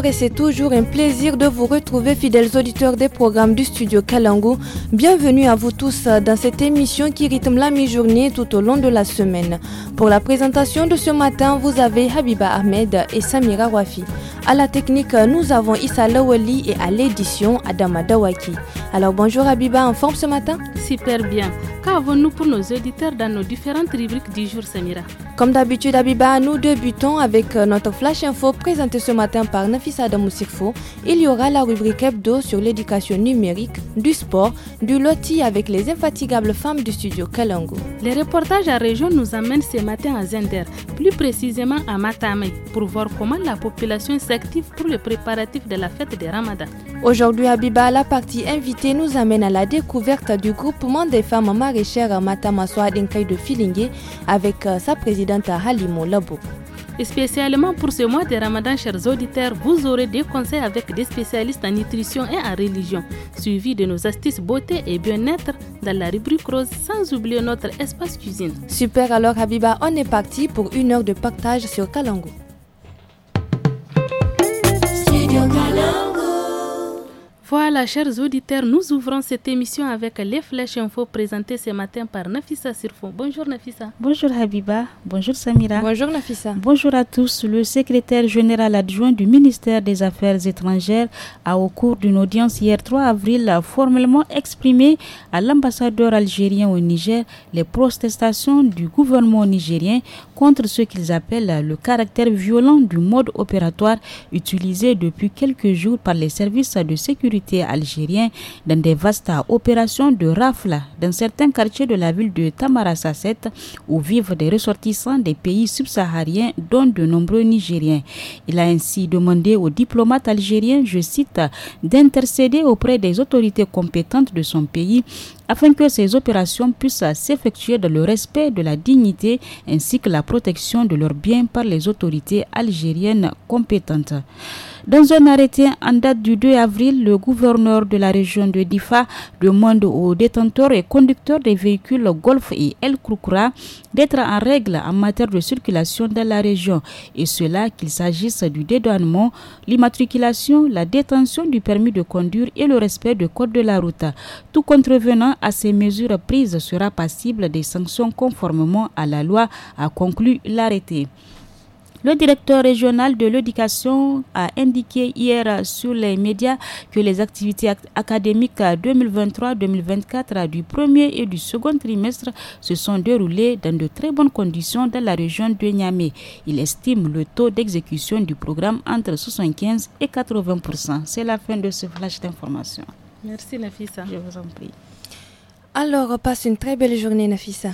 creo que c'est toujours un plaisir de vous retrouver, fidèles auditeurs des programmes du studio Kalangu. Bienvenue à vous tous dans cette émission qui rythme la mi-journée tout au long de la semaine. Pour la présentation de ce matin, vous avez Habiba Ahmed et Samira Wafi. À la technique, nous avons Issa Lawali et à l'édition, Adama Dawaki. Alors bonjour Habiba, en forme ce matin Super bien. Qu'avons-nous pour nos auditeurs dans nos différentes rubriques du jour, Samira Comme d'habitude, Habiba, nous débutons avec notre flash info présenté ce matin par Nafisa il y aura la rubrique hebdo sur l'éducation numérique, du sport, du loti avec les infatigables femmes du studio Kalango. Les reportages à région nous amènent ce matin à Zender, plus précisément à Matamei, pour voir comment la population s'active pour le préparatif de la fête de Ramadan. Aujourd'hui, à Biba, la partie invitée, nous amène à la découverte du groupement des femmes maraîchères à à Soadinkai de Filingue avec euh, sa présidente Halimo Labou spécialement pour ce mois de Ramadan, chers auditeurs, vous aurez des conseils avec des spécialistes en nutrition et en religion, suivis de nos astuces beauté et bien-être dans la rubrique rose, sans oublier notre espace cuisine. Super, alors Habiba, on est parti pour une heure de partage sur Kalango. Voilà, chers auditeurs, nous ouvrons cette émission avec les flèches info présentées ce matin par Nafissa Sirfo. Bonjour Nafissa. Bonjour Habiba. Bonjour Samira. Bonjour Nafissa. Bonjour à tous. Le secrétaire général adjoint du ministère des Affaires étrangères a, au cours d'une audience hier 3 avril, formellement exprimé à l'ambassadeur algérien au Niger les protestations du gouvernement nigérien contre ce qu'ils appellent le caractère violent du mode opératoire utilisé depuis quelques jours par les services de sécurité algérien dans des vastes opérations de rafle dans certains quartiers de la ville de Tamarasasset où vivent des ressortissants des pays subsahariens dont de nombreux Nigériens. Il a ainsi demandé aux diplomates algériens, je cite, d'intercéder auprès des autorités compétentes de son pays afin que ces opérations puissent s'effectuer dans le respect de la dignité ainsi que la protection de leurs biens par les autorités algériennes compétentes. Dans un arrêté en date du 2 avril, le gouverneur de la région de Difa demande aux détenteurs et conducteurs des véhicules Golf et El Krukura d'être en règle en matière de circulation dans la région, et cela qu'il s'agisse du dédouanement, l'immatriculation, la détention du permis de conduire et le respect du code de la route. Tout contrevenant à ces mesures prises sera passible des sanctions conformément à la loi, a conclu l'arrêté. Le directeur régional de l'éducation a indiqué hier sur les médias que les activités académiques 2023-2024 du premier et du second trimestre se sont déroulées dans de très bonnes conditions dans la région de Niamey. Il estime le taux d'exécution du programme entre 75 et 80 C'est la fin de ce flash d'information. Merci Nafissa. Je vous en prie. Alors, passe une très belle journée Nafissa.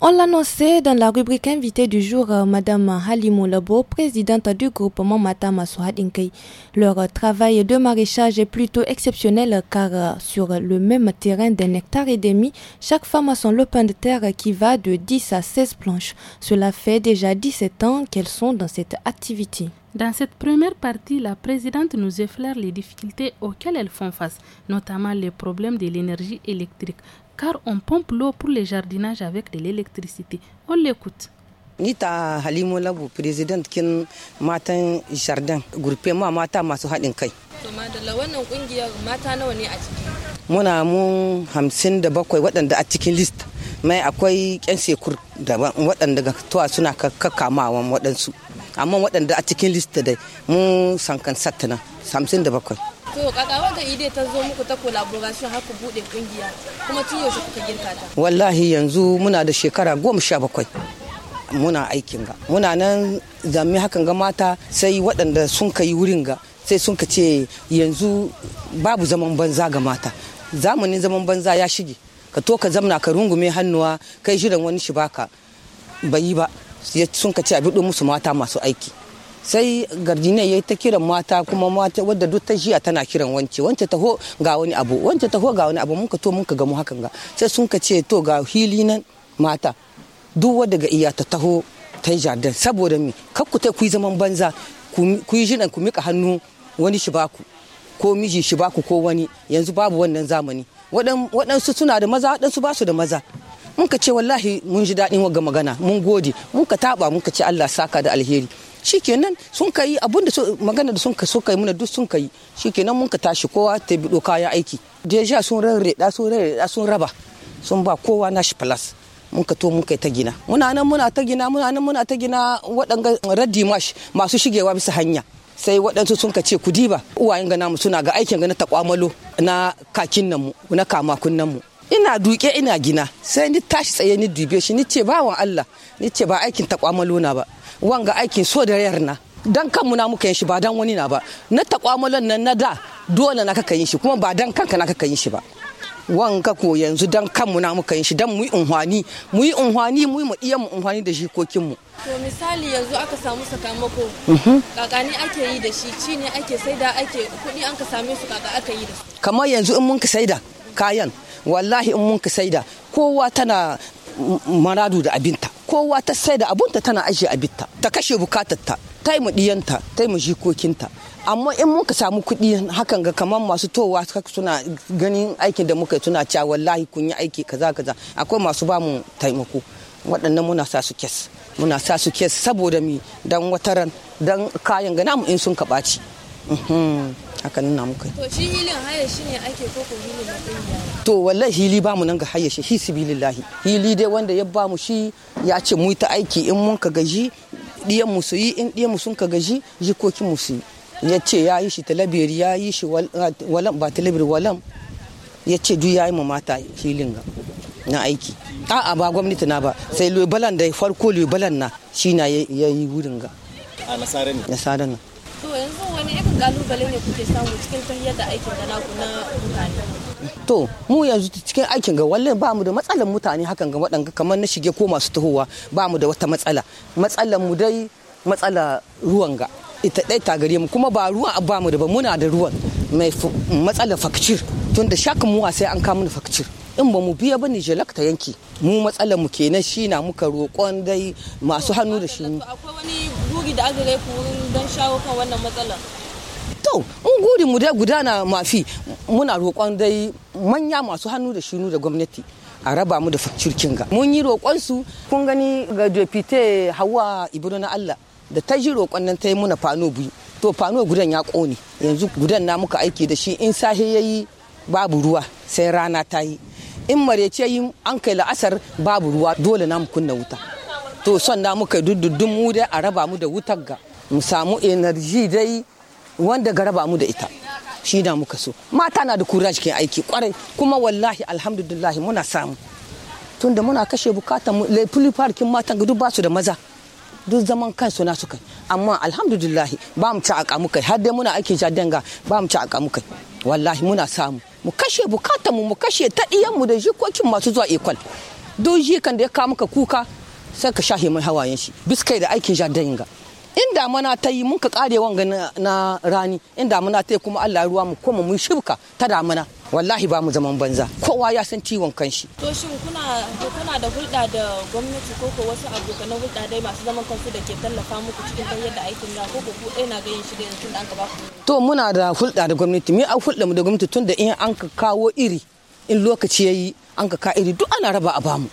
On l'annonçait dans la rubrique invitée du jour, euh, Madame Halimou Lebo, présidente du groupement Matama Inkey. Leur travail de maraîchage est plutôt exceptionnel car euh, sur le même terrain d'un hectare et demi, chaque femme a son lopin de terre qui va de 10 à 16 planches. Cela fait déjà 17 ans qu'elles sont dans cette activité. Dans cette première partie, la présidente nous effleure les difficultés auxquelles elles font face, notamment les problèmes de l'énergie électrique, car on pompe l'eau pour le jardinage avec de l'électricité. On l'écoute. matin Halimo président présidente kin matan jardin, groupe moi mata masu kai. To madalla wannan kungiyar mata nawa ne a Muna mu je a cikin list. Mai akwai ƴan Je suis le président suna list dai mu to kaka wanda ide ta zo muku ta collaboration haka bude kungiya kuma tun yaushe kuka girka ta wallahi yanzu muna da shekara goma sha bakwai muna aikin ga muna nan zami hakan ga mata sai waɗanda sun ka yi wurin ga sai sun ka ce yanzu babu zaman banza ga mata zamanin zaman banza ya shige ka to ka zamna ka rungume hannuwa kai shirin wani shi baka bai yi ba sun ka ce a musu mata masu aiki sai gardinai ya yi ta kiran mata kuma mata wadda duk ta jiya tana kiran wance wance taho ga wani abu wance taho ga wani abu mun ka to mun ka gamu hakan ga sai sun ka ce to ga hili nan mata duk wadda ga iya ta taho ta yi jardin saboda mi kakku ta kuyi zaman banza ku yi jinan ku mika hannu wani shi baku ko miji shi baku ko wani yanzu babu wannan zamani waɗansu suna da maza waɗansu ba su da maza mun ka ce wallahi mun ji daɗin ga magana mun gode mun ka taɓa mun ka ce Allah saka da alheri shikenan sun kai abinda magana da sun so yi muna duk sun kai shikenan mun ka tashi kowa ta bido kaya aiki deja sun rarreda sun rarreda sun raba sun ba kowa nashi plus mun ka to mun kai ta gina muna nan muna ta gina muna nan muna ta gina waɗanga raddi masu shigewa bisa hanya sai waɗansu sun ka ce ku diba uwayen gana mu suna ga aikin gana ta kwamalo na kakin nan mu na kamakun nan mu ina duke ina gina sai ni tashi tsaye ni dube shi ni ce bawan Allah ni ce ba aikin ta kwamalo na ba wanga aiki so da yarna, dan kanmu na muka yin shi ba dan wani na ba na takwamalon nan na da dole na kaka yin shi kuma ba dan kanka na kaka yin shi ba wanga ko yanzu dan kanmu na muka yin shi dan muyi unhwani muyi unhwani muyi mu iya mu unhwani da jikokin mu to misali yanzu aka samu sakamako mhm. kakani ake yi da shi ci ne ake saida ake kuɗi an ka same su kaka aka yi da su kamar yanzu in mun ka saida kayan wallahi in mun ka saida kowa tana maradu da abinta kowa ta sai da abunta tana ajiye abinta ta kashe bukatarta ta yi mu jikokin ta yi amma in muka samu kuɗi hakan ga kamar masu towa suna ganin aikin da muka suna cewa wallahi kun yi aiki kaza kaza akwai masu ba mu taimako waɗannan muna sa su kes muna sa su kes saboda mi dan wataran dan kayan ga namu in sun kaɓaci haka nuna muka to shi hilin haya shi ne ake koko hilin na kungiya to wallahi hili ba mu nan ga haya shi hi sibilillahi hili dai wanda ya ba mu shi ya ce mu ta aiki in mun ka gaji diyan mu su yi in diyan mu sun ka gaji jikokin mu su yi ya ce ya yi shi talabiyar ya yi shi walam ba talabiyar walam ya ce duk ya yi mu mata hilin ga na aiki a'a ba gwamnati na ba sai lubalan da farko lubalan na shi na ya yi wurin ga a nasarar ne nasara ne to yanzu wani irin kalubale ne kuke samu cikin tahiyar da aikin da naku na mutane to mu yanzu cikin aikin ga wallahi ba mu da matsalan mutane hakan ga waɗanga kamar na shige ko masu tahowa ba mu da wata matsala matsalan mu dai matsala ruwan ga ita dai ta gare mu kuma ba ruwan ba mu da ba muna da ruwan mai matsalar fakcir tun da shakan muwa sai an kawo mu fakcir in ba mu biya ba ne ta yanki mu matsalar mu kenan shi na muka roƙon dai masu hannu da shi akwai wani gudi da aka gai wurin don shawo kan wannan matsalar to in gudi mu dai gudana mafi muna roƙon dai manya masu hannu da shinu da gwamnati a raba mu da fakcirkin ga mun yi roƙon su kun gani ga depute hawa ibro na allah da ta ji roƙon nan ta yi muna fano biyu to fano gudan ya ƙone yanzu gudan na muka aiki da shi in sahi ya yi babu ruwa sai rana ta yi in mare ce yi an kai la'asar babu ruwa dole na mu kunna wuta to son da muka duddudun mu dai a raba mu da wutar ga mu samu energy dai wanda ga raba mu da ita shi da muka so mata na da kura cikin aiki kwarai kuma wallahi alhamdulillah muna samu tunda muna kashe bukatan mu laifin farkin matan duk basu da maza duk zaman kansu na su kai amma alhamdulillah ba mu ci aka mu har dai muna aikin jadanga ba mu ci aka mu wallahi muna samu mu kashe bukatanmu mu mu kashe ta mu da jikokin masu zuwa ikon duk jikan da ya kawo muka kuka sai ka shahe mai hawayen shi biskai da aikin jadayin ga in damana ta yi mun ka kare wanga na rani in damana ta yi kuma Allah ruwa mu koma mu shibka ta damana wallahi ba mu zaman banza kowa ya san ciwon kanshi to shin kuna kuna da hulɗa da gwamnati ko ko wasu abokan hulɗa dai masu zaman kansu da ke tallafa muku cikin kan yadda aikin da ko ko ku ɗaya na ganin shi da yanzu da an ka ba ku to muna da hulɗa da gwamnati me a hulɗa mu da gwamnati tun da in an ka kawo iri in lokaci yayi an ka ka iri duk ana raba a bamu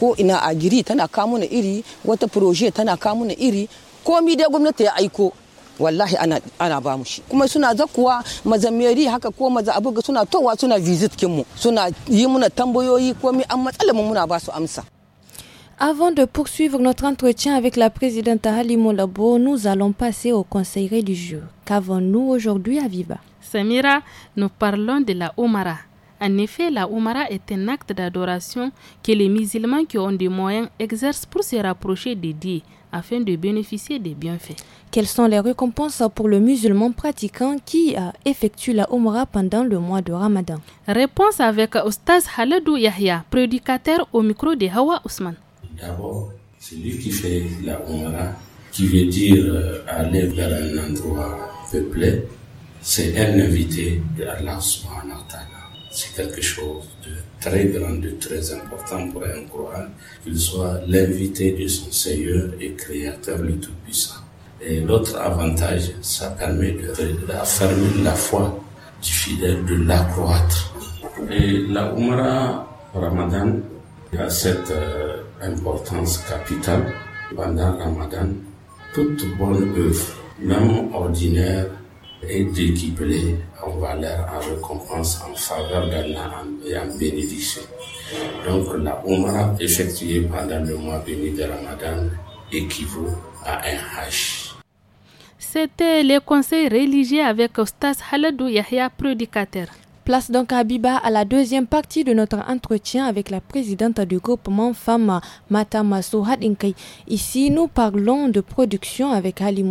ko ina ajiri tana kawo mana iri wata proje tana kawo mana iri komi dai gwamnati ya aiko wallahi ana ana ba mu shi kuma suna zakuwa mazameri haka ko maza abuga suna towa suna visit mu suna yi muna tambayoyi komi an matsalar muna ba su amsa Avant de poursuivre notre entretien avec la présidente Halimo Labo, nous allons passer au conseiller du jour. Qu'avons-nous aujourd'hui à Viva Samira, nous parlons de la Omara. En effet, la Oumara est un acte d'adoration que les musulmans qui ont des moyens exercent pour se rapprocher des dieux afin de bénéficier des bienfaits. Quelles sont les récompenses pour le musulman pratiquant qui effectue la umara pendant le mois de Ramadan Réponse avec Oustaz Haladou Yahya, prédicateur au micro de Hawa Ousmane. D'abord, celui qui fait la umara, qui veut dire euh, aller vers un endroit peuplé, c'est un invité de Allah subhanahu c'est quelque chose de très grand, de très important pour un croyant, qu'il soit l'invité de son Seigneur et Créateur le Tout-Puissant. Et l'autre avantage, ça permet de réaffirmer la foi du fidèle, de l'accroître. Et la Umrah Ramadan a cette euh, importance capitale pendant Ramadan. Toute bonne œuvre, même ordinaire, et décuplé en valeur, en récompense, en faveur d'Allah et en bénédiction. Donc la umra effectuée pendant le mois béni de Ramadan équivaut à un Hajj. C'était les conseils religieux avec Ostas Haladou Yahya, prédicateur. Place donc à Biba à la deuxième partie de notre entretien avec la présidente du groupement Femmes Matama Hadinkai. Ici, nous parlons de production avec Ali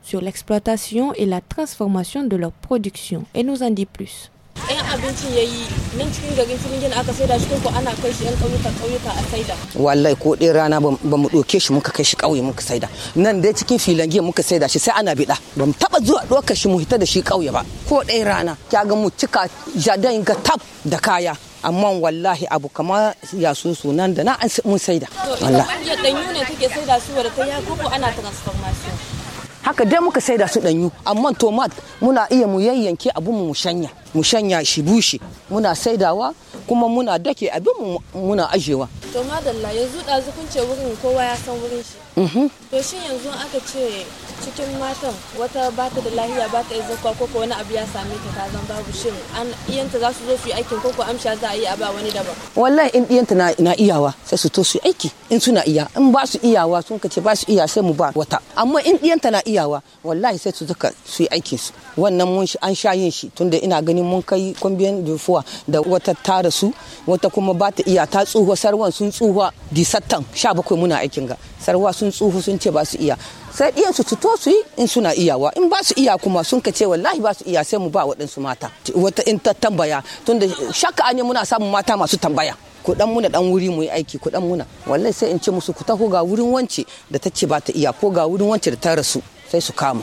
sur l'exploitation et la transformation de leur production. Et nous en dit plus. yan abincin ya yi nan cikin garin cikin gina aka saida shi ko ana kai shi yan ƙauyuka ƙauyuka a saida Walla'i ko ɗaya rana ba mu ɗauke shi muka kai shi ƙauye muka saida nan dai cikin filangi muka saida shi sai ana biɗa ba mu taɓa zuwa ɗaukar shi mu hita da shi ƙauye ba ko ɗaya rana ya ga mu cika jadayin ga tab da kaya amma wallahi abu kama ya su nan da na an mun saida. Wallahi. ne saida su wadda ta ya koko ana transformation. haka dai muka saida su danyu amma tomat muna iya mu yayyanke abin mu shanya mu shanya shi bushe muna saidawa kuma muna dake abin mu muna ajewa to madalla yanzu ɗazu kun ce wurin kowa ya san wurin shi mhm. to shin yanzu aka ce cikin matan wata ba ta da lahiya ba ta izuwa ko ko wani abu ya same ta ta zan babu shin an iyanta za su zo su yi aikin ko ko amsha za a yi a ba wani daban wallahi in iyanta na, na iyawa sai su to su aiki in suna iya in ba su iyawa sun kace ba su iya sai mu ba wata amma in iyanta na iyawa wallahi sai su zaka su yi aikin su wannan mun an sha yin shi tunda ina ganin mun kai kwambiyan dufuwa da wata tara su wata kuma ba ta iya ta tsuhuwa sarwan sun tsuhuwa disattan bakwai muna aikin ga sarwa sun tsuhu sun ce ba su iya sai ɗiyan su fito su yi in suna iyawa in ba su iya kuma sun ka ce wallahi ba su iya sai mu ba waɗansu mata wata in ta tambaya tunda shakka ne muna samun mata masu tambaya ku dan muna dan wuri mu yi aiki ku dan muna wallahi sai in ce musu ku ko ga wurin wance da ta ce ba ta iya ko ga wurin wance da ta rasu sai su kama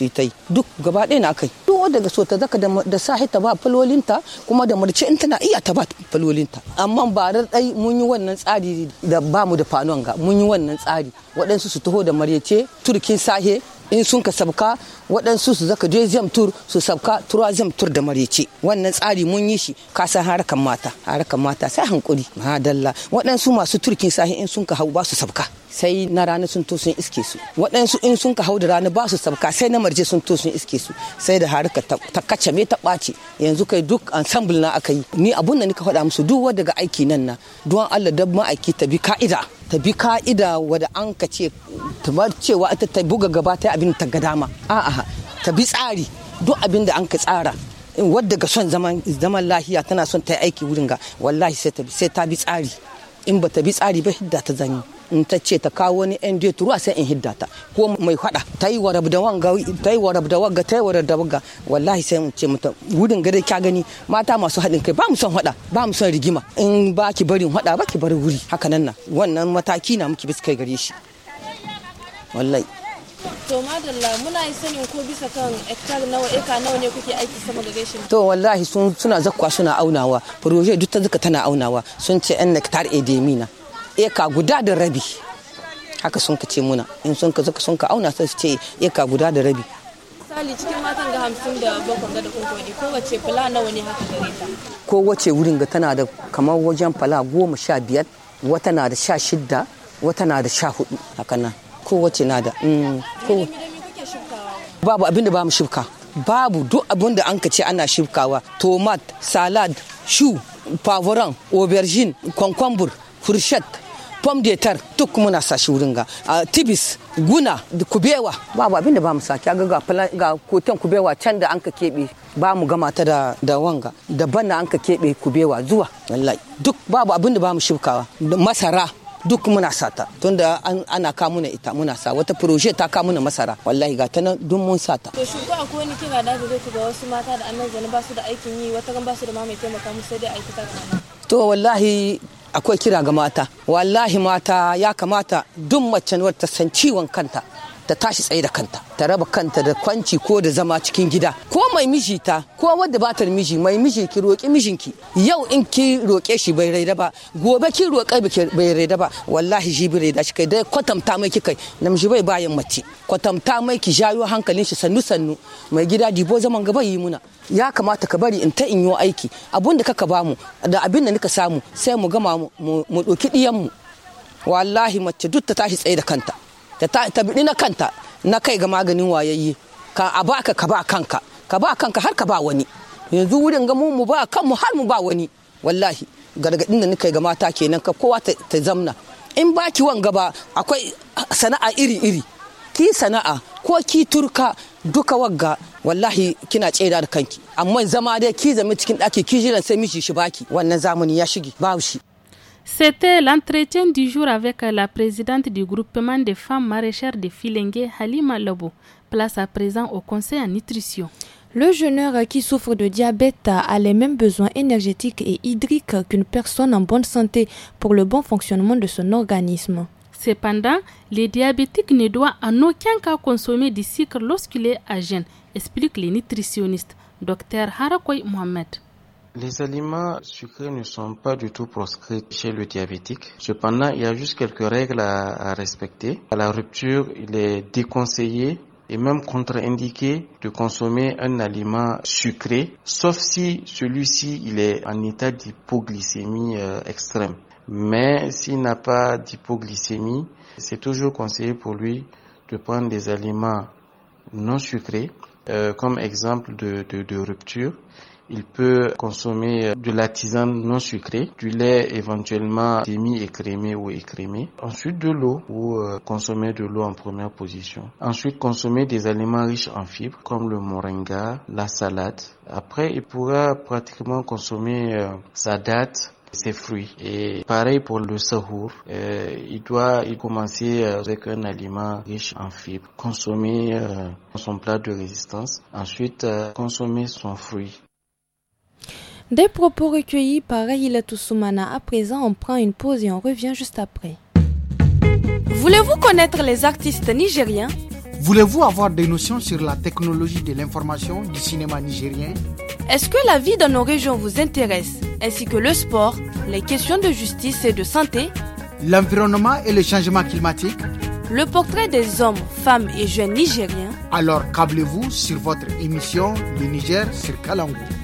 su ta yi duk gaba ɗaya na kai duk wanda so ta zaka da sahi ta ba falolinta kuma da marce in tana iya ta ba falolinta amma ba dai mun yi wannan tsari da ba mu da fanon ga mun yi wannan tsari waɗansu su taho da maryace turkin sahe in sun ka sabka waɗansu su zaka deuxième tour su sabka troisième tour da marece wannan tsari mun yi shi ka san harkan mata harkan mata sai hankuri madalla waɗansu masu turkin sahi in sun ka hau ba su sabka sai na rana sun to sun iske su waɗansu in sun ka hau rana ba su sabka sai na marje sun to sun iske su sai da harka ta kace ta ɓaci yanzu kai duk ensemble na aka yi ni abun da nika faɗa musu duk wanda ga aiki nan na duwan Allah da ma'aiki ta bi ka'ida ta bi ka'ida wadda an ka ce ta cewa ta buga gaba abin ta ga ta bi tsari duk abin da an ka tsara wadda ga son zaman lahiya tana son ta yi aiki wurin ga wallahi sai ta bi tsari in ba ta bi tsari ba hidda ta zanyi in ta ce ta kawo wani yan dai turuwa sai in hidda ta ko mai fada ta yi warab da wanga ta yi warab da wanga ta yi warab da wanga wallahi sai mu ce mata wurin gare kya gani mata masu haɗin kai ba mu son fada ba mu son rigima in ba ki barin fada ba ki bar wuri haka nan wannan mataki na muke biskai kai gare shi wallahi to madalla muna yi sanin ko bisa kan hectare nawa eka nawa ne kuke aiki sama ga gashin to wallahi sun suna zakwa suna aunawa proje duk ta duka tana aunawa sun ce yan hectare edemina eka guda da rabi haka sun ka ce muna in sun ka zaka sun ka auna sai su ce eka guda da rabi misali cikin matan ga hamsin da bakwai ga da kunkuni kowace fala nawa ne haka gare ta kowace wurin ga tana da kamar wajen fala goma sha biyar wata na da sha shidda wata na da sha hudu haka nan kowace na da mm, babu abin da ba mu shifka babu duk abin da an ka ce ana shifkawa tomat salad shu pavoran aubergine kwankwambur furshet pom de tar duk muna shi wurin ga tibis guna kubewa babu abin da ba mu sake ga ga kotan kubewa can da an ka kebe ba mu gama ta da da wanga da na an ka kebe kubewa zuwa wallahi duk babu abin da ba mu shifkawa masara duk muna sata tunda ana kawo muna ita muna sa wata proje ta kawo muna masara wallahi ga ta nan duk mun sata to shugo akwai wani kira da zai ku ga wasu mata da annan zane ba su da aikin yi wata gan ba su da ma mai taimaka musu sai dai aikata to wallahi akwai kira ga mata wallahi mata ya kamata duk macen wata san ciwon kanta ta tashi tsaye da kanta ta raba kanta da kwanci ko da zama cikin gida ko mai miji ta ko wadda ba miji mai miji ki roƙi mijinki yau in ki roƙe shi bai raida ba gobe ki roƙe bai raida ba wallahi shi bai raida shi kai dai kwatamta mai ki kai namiji bai bayan mace kwatamta mai ki jayo hankalin shi sannu sannu mai gida dibo zaman gaba yi muna ya kamata ka bari in ta in yi aiki abun da kaka bamu da abin da nika samu sai mu gama mu ɗoki ɗiyanmu wallahi mace duk ta tashi tsaye da kanta ta tabiɗi na kanta na kai ga maganin wayayye ka a baka ka ba kanka ka ba kanka har ka ba wani yanzu wurin ga mu ba kanmu har mu ba wani wallahi gargaɗin da nika ga mata kenan ka kowa ta zamna in baki wanga ba akwai sana'a iri-iri ki sana'a ko ki turka duka wagga wallahi kina tseda da kanki amma zama dai ki zama cikin daki ki jiran sai miji shi baki wannan zamani ya shige babu shi C'était l'entretien du jour avec la présidente du groupement des femmes maraîchères de Filengue, Halima Lobo. Place à présent au conseil en nutrition. Le jeuneur qui souffre de diabète a les mêmes besoins énergétiques et hydriques qu'une personne en bonne santé pour le bon fonctionnement de son organisme. Cependant, les diabétiques ne doivent en aucun cas consommer du sucre lorsqu'il est à jeûne, explique le nutritionniste Dr Harakoy Mohamed. Les aliments sucrés ne sont pas du tout proscrits chez le diabétique. Cependant, il y a juste quelques règles à, respecter. À la rupture, il est déconseillé et même contre-indiqué de consommer un aliment sucré, sauf si celui-ci il est en état d'hypoglycémie euh, extrême. Mais s'il n'a pas d'hypoglycémie, c'est toujours conseillé pour lui de prendre des aliments non sucrés euh, comme exemple de rupture il peut consommer de la tisane non sucrée, du lait éventuellement semi-écrémé ou écrémé. Ensuite de l'eau ou euh, consommer de l'eau en première position. Ensuite consommer des aliments riches en fibres comme le moringa, la salade. Après, il pourra pratiquement consommer euh, sa date, ses fruits. Et pareil pour le sahour, euh, il doit y commencer avec un aliment riche en fibres, consommer son plat de résistance, ensuite consommer son fruit. Des propos recueillis par tout Toussoumana. À présent, on prend une pause et on revient juste après. Voulez-vous connaître les artistes nigériens Voulez-vous avoir des notions sur la technologie de l'information du cinéma nigérien Est-ce que la vie dans nos régions vous intéresse, ainsi que le sport, les questions de justice et de santé L'environnement et le changement climatique Le portrait des hommes, femmes et jeunes nigériens Alors câblez-vous sur votre émission du Niger sur Kalangou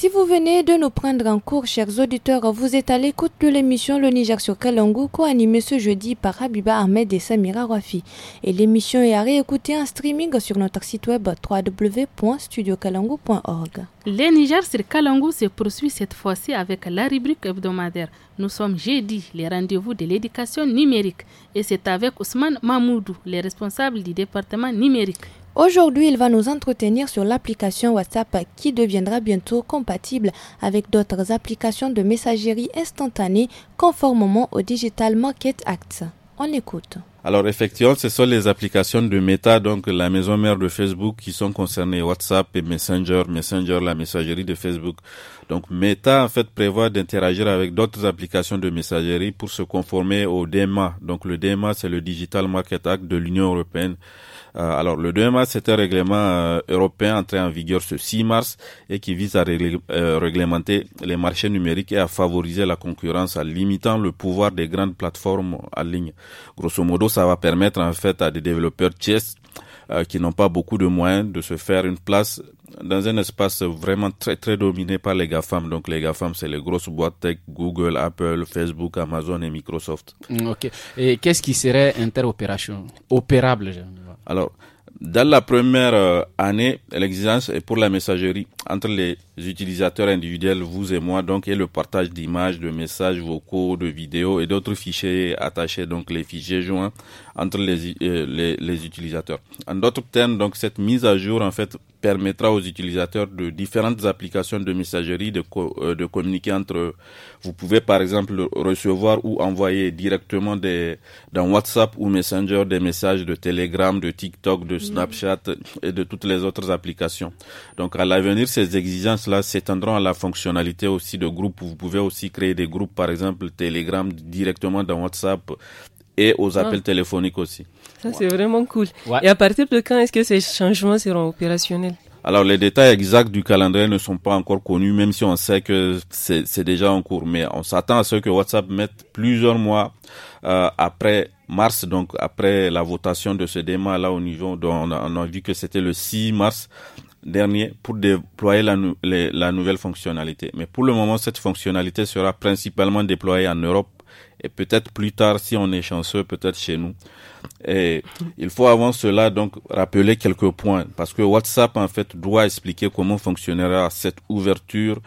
Si vous venez de nous prendre en cours, chers auditeurs, vous êtes à l'écoute de l'émission Le Niger sur Kalangu, co-animée ce jeudi par Habiba Ahmed et Samira Rafi. Et l'émission est à réécouter en streaming sur notre site web www.studiokalangu.org. Le Niger sur Kalangu se poursuit cette fois-ci avec la rubrique hebdomadaire. Nous sommes jeudi, les rendez-vous de l'éducation numérique. Et c'est avec Ousmane Mamoudou, le responsable du département numérique. Aujourd'hui, il va nous entretenir sur l'application WhatsApp qui deviendra bientôt compatible avec d'autres applications de messagerie instantanée conformément au Digital Market Act. On écoute. Alors effectivement, ce sont les applications de Meta, donc la maison mère de Facebook, qui sont concernées WhatsApp et Messenger, Messenger, la messagerie de Facebook. Donc Meta en fait prévoit d'interagir avec d'autres applications de messagerie pour se conformer au DMA. Donc le DMA c'est le Digital Market Act de l'Union européenne. Euh, alors le DMA c'est un règlement euh, européen entré en vigueur ce 6 mars et qui vise à euh, réglementer les marchés numériques et à favoriser la concurrence en limitant le pouvoir des grandes plateformes en ligne. Grosso modo ça va permettre en fait à des développeurs tiers euh, qui n'ont pas beaucoup de moyens de se faire une place dans un espace vraiment très très dominé par les GAFAM. Donc les GAFAM, c'est les grosses boîtes tech, Google, Apple, Facebook, Amazon et Microsoft. Mm, ok. Et qu'est-ce qui serait interopération Opérable, Alors, dans la première euh, année, l'exigence est pour la messagerie entre les utilisateurs individuels, vous et moi, donc, et le partage d'images, de messages vocaux, de vidéos et d'autres fichiers attachés, donc les fichiers joints entre les, euh, les, utilisateurs. En d'autres termes, donc, cette mise à jour, en fait, permettra aux utilisateurs de différentes applications de messagerie de, euh, de communiquer entre eux. Vous pouvez, par exemple, recevoir ou envoyer directement des, dans WhatsApp ou Messenger des messages de Telegram, de TikTok, de Snapchat et de toutes les autres applications. Donc, à l'avenir, ces exigences-là s'étendront à la fonctionnalité aussi de groupe. Vous pouvez aussi créer des groupes, par exemple Telegram, directement dans WhatsApp et aux ah. appels téléphoniques aussi. Ça, c'est vraiment cool. Et à partir de quand est-ce que ces changements seront opérationnels alors les détails exacts du calendrier ne sont pas encore connus, même si on sait que c'est déjà en cours. Mais on s'attend à ce que WhatsApp mette plusieurs mois euh, après mars, donc après la votation de ce débat là au niveau, dont on a vu que c'était le 6 mars dernier pour déployer la, la nouvelle fonctionnalité. Mais pour le moment, cette fonctionnalité sera principalement déployée en Europe et peut-être plus tard, si on est chanceux, peut-être chez nous. Et il faut avant cela donc rappeler quelques points parce que WhatsApp en fait doit expliquer comment fonctionnera cette ouverture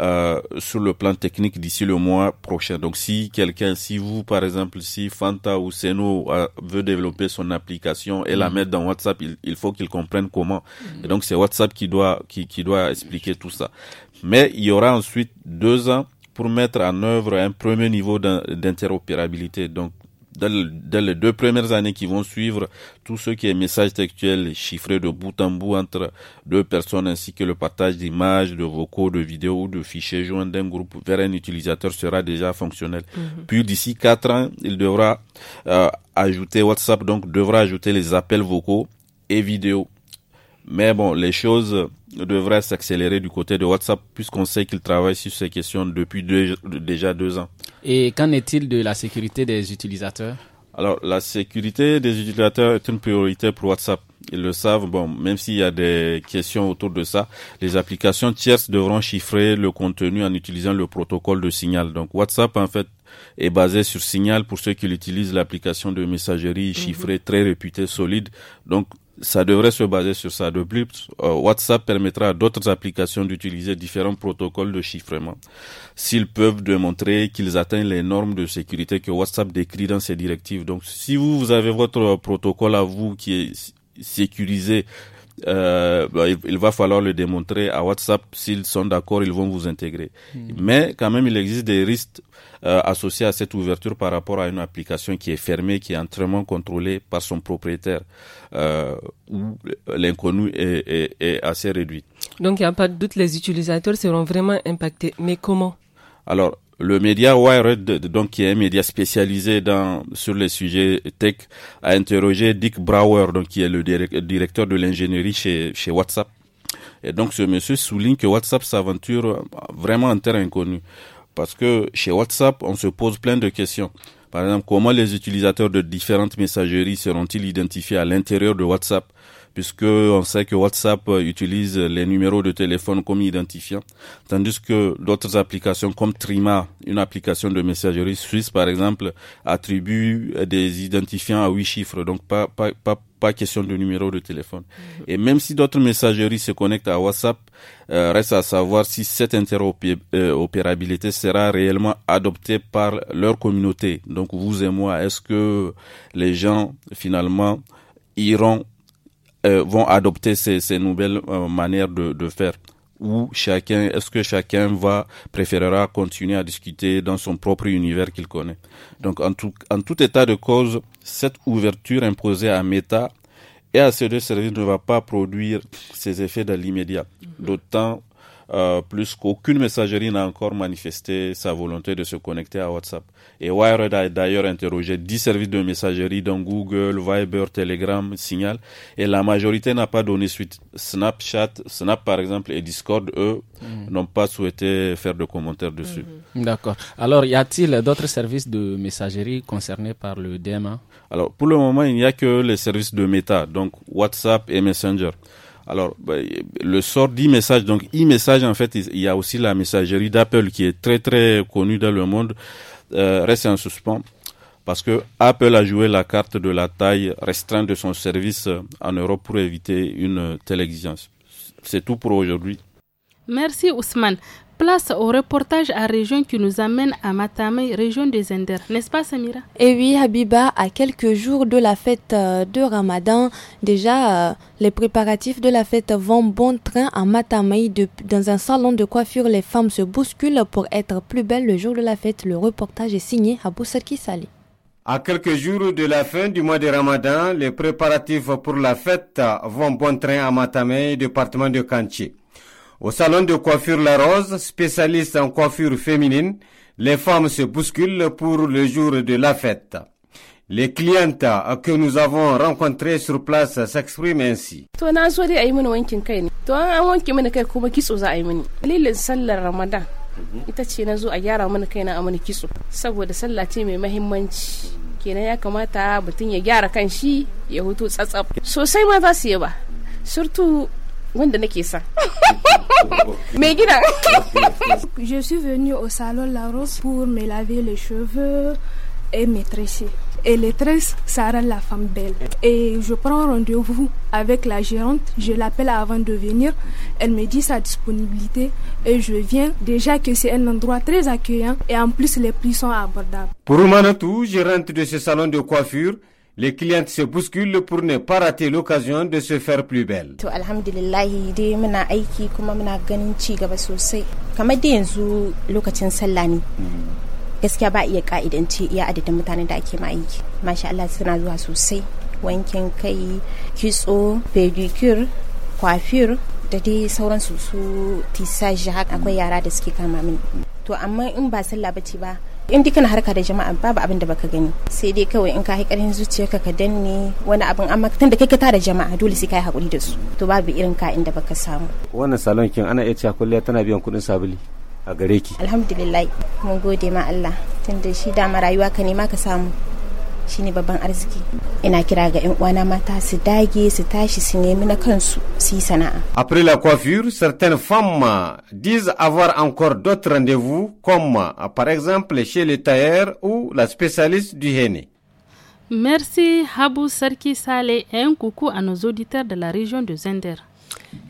euh, sur le plan technique d'ici le mois prochain. Donc si quelqu'un, si vous par exemple, si Fanta ou Seno euh, veut développer son application et la mm. mettre dans WhatsApp, il, faut qu'il comprenne comment. Et donc c'est WhatsApp qui doit qui, qui doit expliquer tout ça. Mais il y aura ensuite deux ans pour mettre en œuvre un premier niveau d'interopérabilité. Donc, dans les deux premières années qui vont suivre, tout ce qui est message textuel chiffré de bout en bout entre deux personnes ainsi que le partage d'images, de vocaux, de vidéos ou de fichiers joints d'un groupe vers un utilisateur sera déjà fonctionnel. Mhm. Puis d'ici quatre ans, il devra euh, ajouter WhatsApp, donc devra ajouter les appels vocaux et vidéos mais bon, les choses devraient s'accélérer du côté de WhatsApp puisqu'on sait qu'ils travaillent sur ces questions depuis déjà deux ans. Et qu'en est-il de la sécurité des utilisateurs Alors, la sécurité des utilisateurs est une priorité pour WhatsApp. Ils le savent, bon, même s'il y a des questions autour de ça, les applications tierces devront chiffrer le contenu en utilisant le protocole de signal. Donc, WhatsApp, en fait, est basé sur Signal pour ceux qui utilisent l'application de messagerie mhm. chiffrée très réputée, solide. Donc, ça devrait se baser sur ça. De plus, euh, WhatsApp permettra à d'autres applications d'utiliser différents protocoles de chiffrement s'ils peuvent démontrer qu'ils atteignent les normes de sécurité que WhatsApp décrit dans ses directives. Donc, si vous avez votre protocole à vous qui est sécurisé euh, bah, il va falloir le démontrer à WhatsApp. S'ils sont d'accord, ils vont vous intégrer. Hmm. Mais quand même, il existe des risques euh, associés à cette ouverture par rapport à une application qui est fermée, qui est entièrement contrôlée par son propriétaire, euh, où l'inconnu est, est, est assez réduit. Donc, il n'y a pas de doute, les utilisateurs seront vraiment impactés. Mais comment alors, le média Wired, donc qui est un média spécialisé dans sur les sujets tech, a interrogé Dick Brower, donc qui est le directeur de l'ingénierie chez chez WhatsApp. Et donc ce monsieur souligne que WhatsApp s'aventure euh, vraiment en terre inconnue, parce que chez WhatsApp on se pose plein de questions. Par exemple, comment les utilisateurs de différentes messageries seront-ils identifiés à l'intérieur de WhatsApp puisque on sait que WhatsApp euh, utilise les numéros de téléphone comme identifiant, tandis que d'autres applications comme Trima, une application de messagerie suisse par exemple, attribue des identifiants à huit chiffres, donc pas, pas, pas question de numéro de téléphone. Mhm. Et même si d'autres messageries se connectent à WhatsApp, euh, reste à savoir si cette interopérabilité euh, sera réellement adoptée par leur communauté. Donc vous et moi, est-ce que les gens finalement iront euh, vont adopter ces, nouvelles euh, manières de, faire ou chacun, est-ce que chacun va, préférera continuer à discuter dans son propre univers qu'il connaît. Donc, en tout, en tout état de cause, cette ouverture imposée à Meta et à ces deux services ne va pas produire ses effets dans l'immédiat. Mm-hmm. D'autant euh, plus qu'aucune messagerie n'a encore manifesté sa volonté de se connecter à WhatsApp. Et Wired a d'ailleurs interrogé 10 services de messagerie dont Google, Viber, Telegram, Signal. Et la majorité n'a pas donné suite. Snapchat, Snap par exemple et Discord, eux, mm. n'ont pas souhaité faire de commentaires dessus. Mm-hmm. D'accord. Alors, y a-t-il d'autres services de messagerie concernés par le DMA Alors, pour le moment, il n'y a que les services de Meta, donc WhatsApp et Messenger. Alors, bah, le sort d'e-message, donc e-message, en fait, il y a aussi la messagerie d'Apple qui est très, très connue dans le monde. Euh, reste en suspens parce que Apple a joué la carte de la taille restreinte de son service en Europe pour éviter une telle exigence. C'est tout pour aujourd'hui. Merci Ousmane. Place au reportage à région qui nous amène à Matamei, région des Enders, n'est-ce pas Samira Eh oui, Habiba, à quelques jours de la fête euh, de Ramadan, déjà euh, les préparatifs de la fête vont bon train à Matamei. Dans un salon de coiffure, les femmes se bousculent pour être plus belles le jour de la fête. Le reportage est signé à Boussaki Sali. À quelques jours de la fin du mois de Ramadan, les préparatifs pour la fête vont bon train à Matamei, département de Kanchi. Au salon de coiffure La Rose, spécialiste en coiffure féminine, les femmes se bousculent pour le jour de la fête. Les clientes que nous avons rencontrées sur place s'expriment ainsi. To na zo dai ayi mana wankin kai ne. To an wanke mana kai kuma kitso za a yi mani. Dalilin sallar Ramadan ita ce na zo a gyara mana kaina a mana kitso saboda sallah ce mai mahimmanci. Kenan ya kamata mutum ya gyara kan shi ya hutu tsatsab. Sosai ma za su yi ba. Surtu je suis venue au salon La Rose pour me laver les cheveux et me tresser et les tresses, ça rend la femme belle. Et je prends rendez-vous avec la gérante, je l'appelle avant de venir, elle me dit sa disponibilité et je viens. Déjà que c'est un endroit très accueillant et en plus les prix sont abordables. Pour je rentre de ce salon de coiffure, Les clientes se bousculent pour ne pas rater l'occasion de se faire plus belle. To alhamdulillahi dai muna aiki kuma muna ganin ci gaba sosai. Kamar da yanzu lokacin sallah ne. Mm. Gaskiya ba iya ka'idanci iya adadin mutanen da ake ma aiki. Masha Allah suna zuwa sosai. Wankin kai, kitso, pedicure, coiffure da dai sauransu su tisaji haka akwai yara da suke kama mini. To amma in ba sallah bace ba in dai kana harka da jama'a babu abin da baka gani sai dai kawai in ka yi karfin zuciyarka ka danne wani abin amma da kai ka tara jama'a dole sai ka yi hakuri da su to babu irin ka inda baka samu wannan salon kin ana iya cewa kulliya tana biyan kuɗin sabuli a gare ki alhamdulillah mun gode ma Allah tunda shi dama rayuwa ka ne ma ka samu après la coiffure certaines femmes disent avoir encore d'autres rendez-vous comme par exemple chez le tailleur ou la spécialiste du henné Merci Habu Sarki Saleh et un coucou à nos auditeurs de la région de Zender.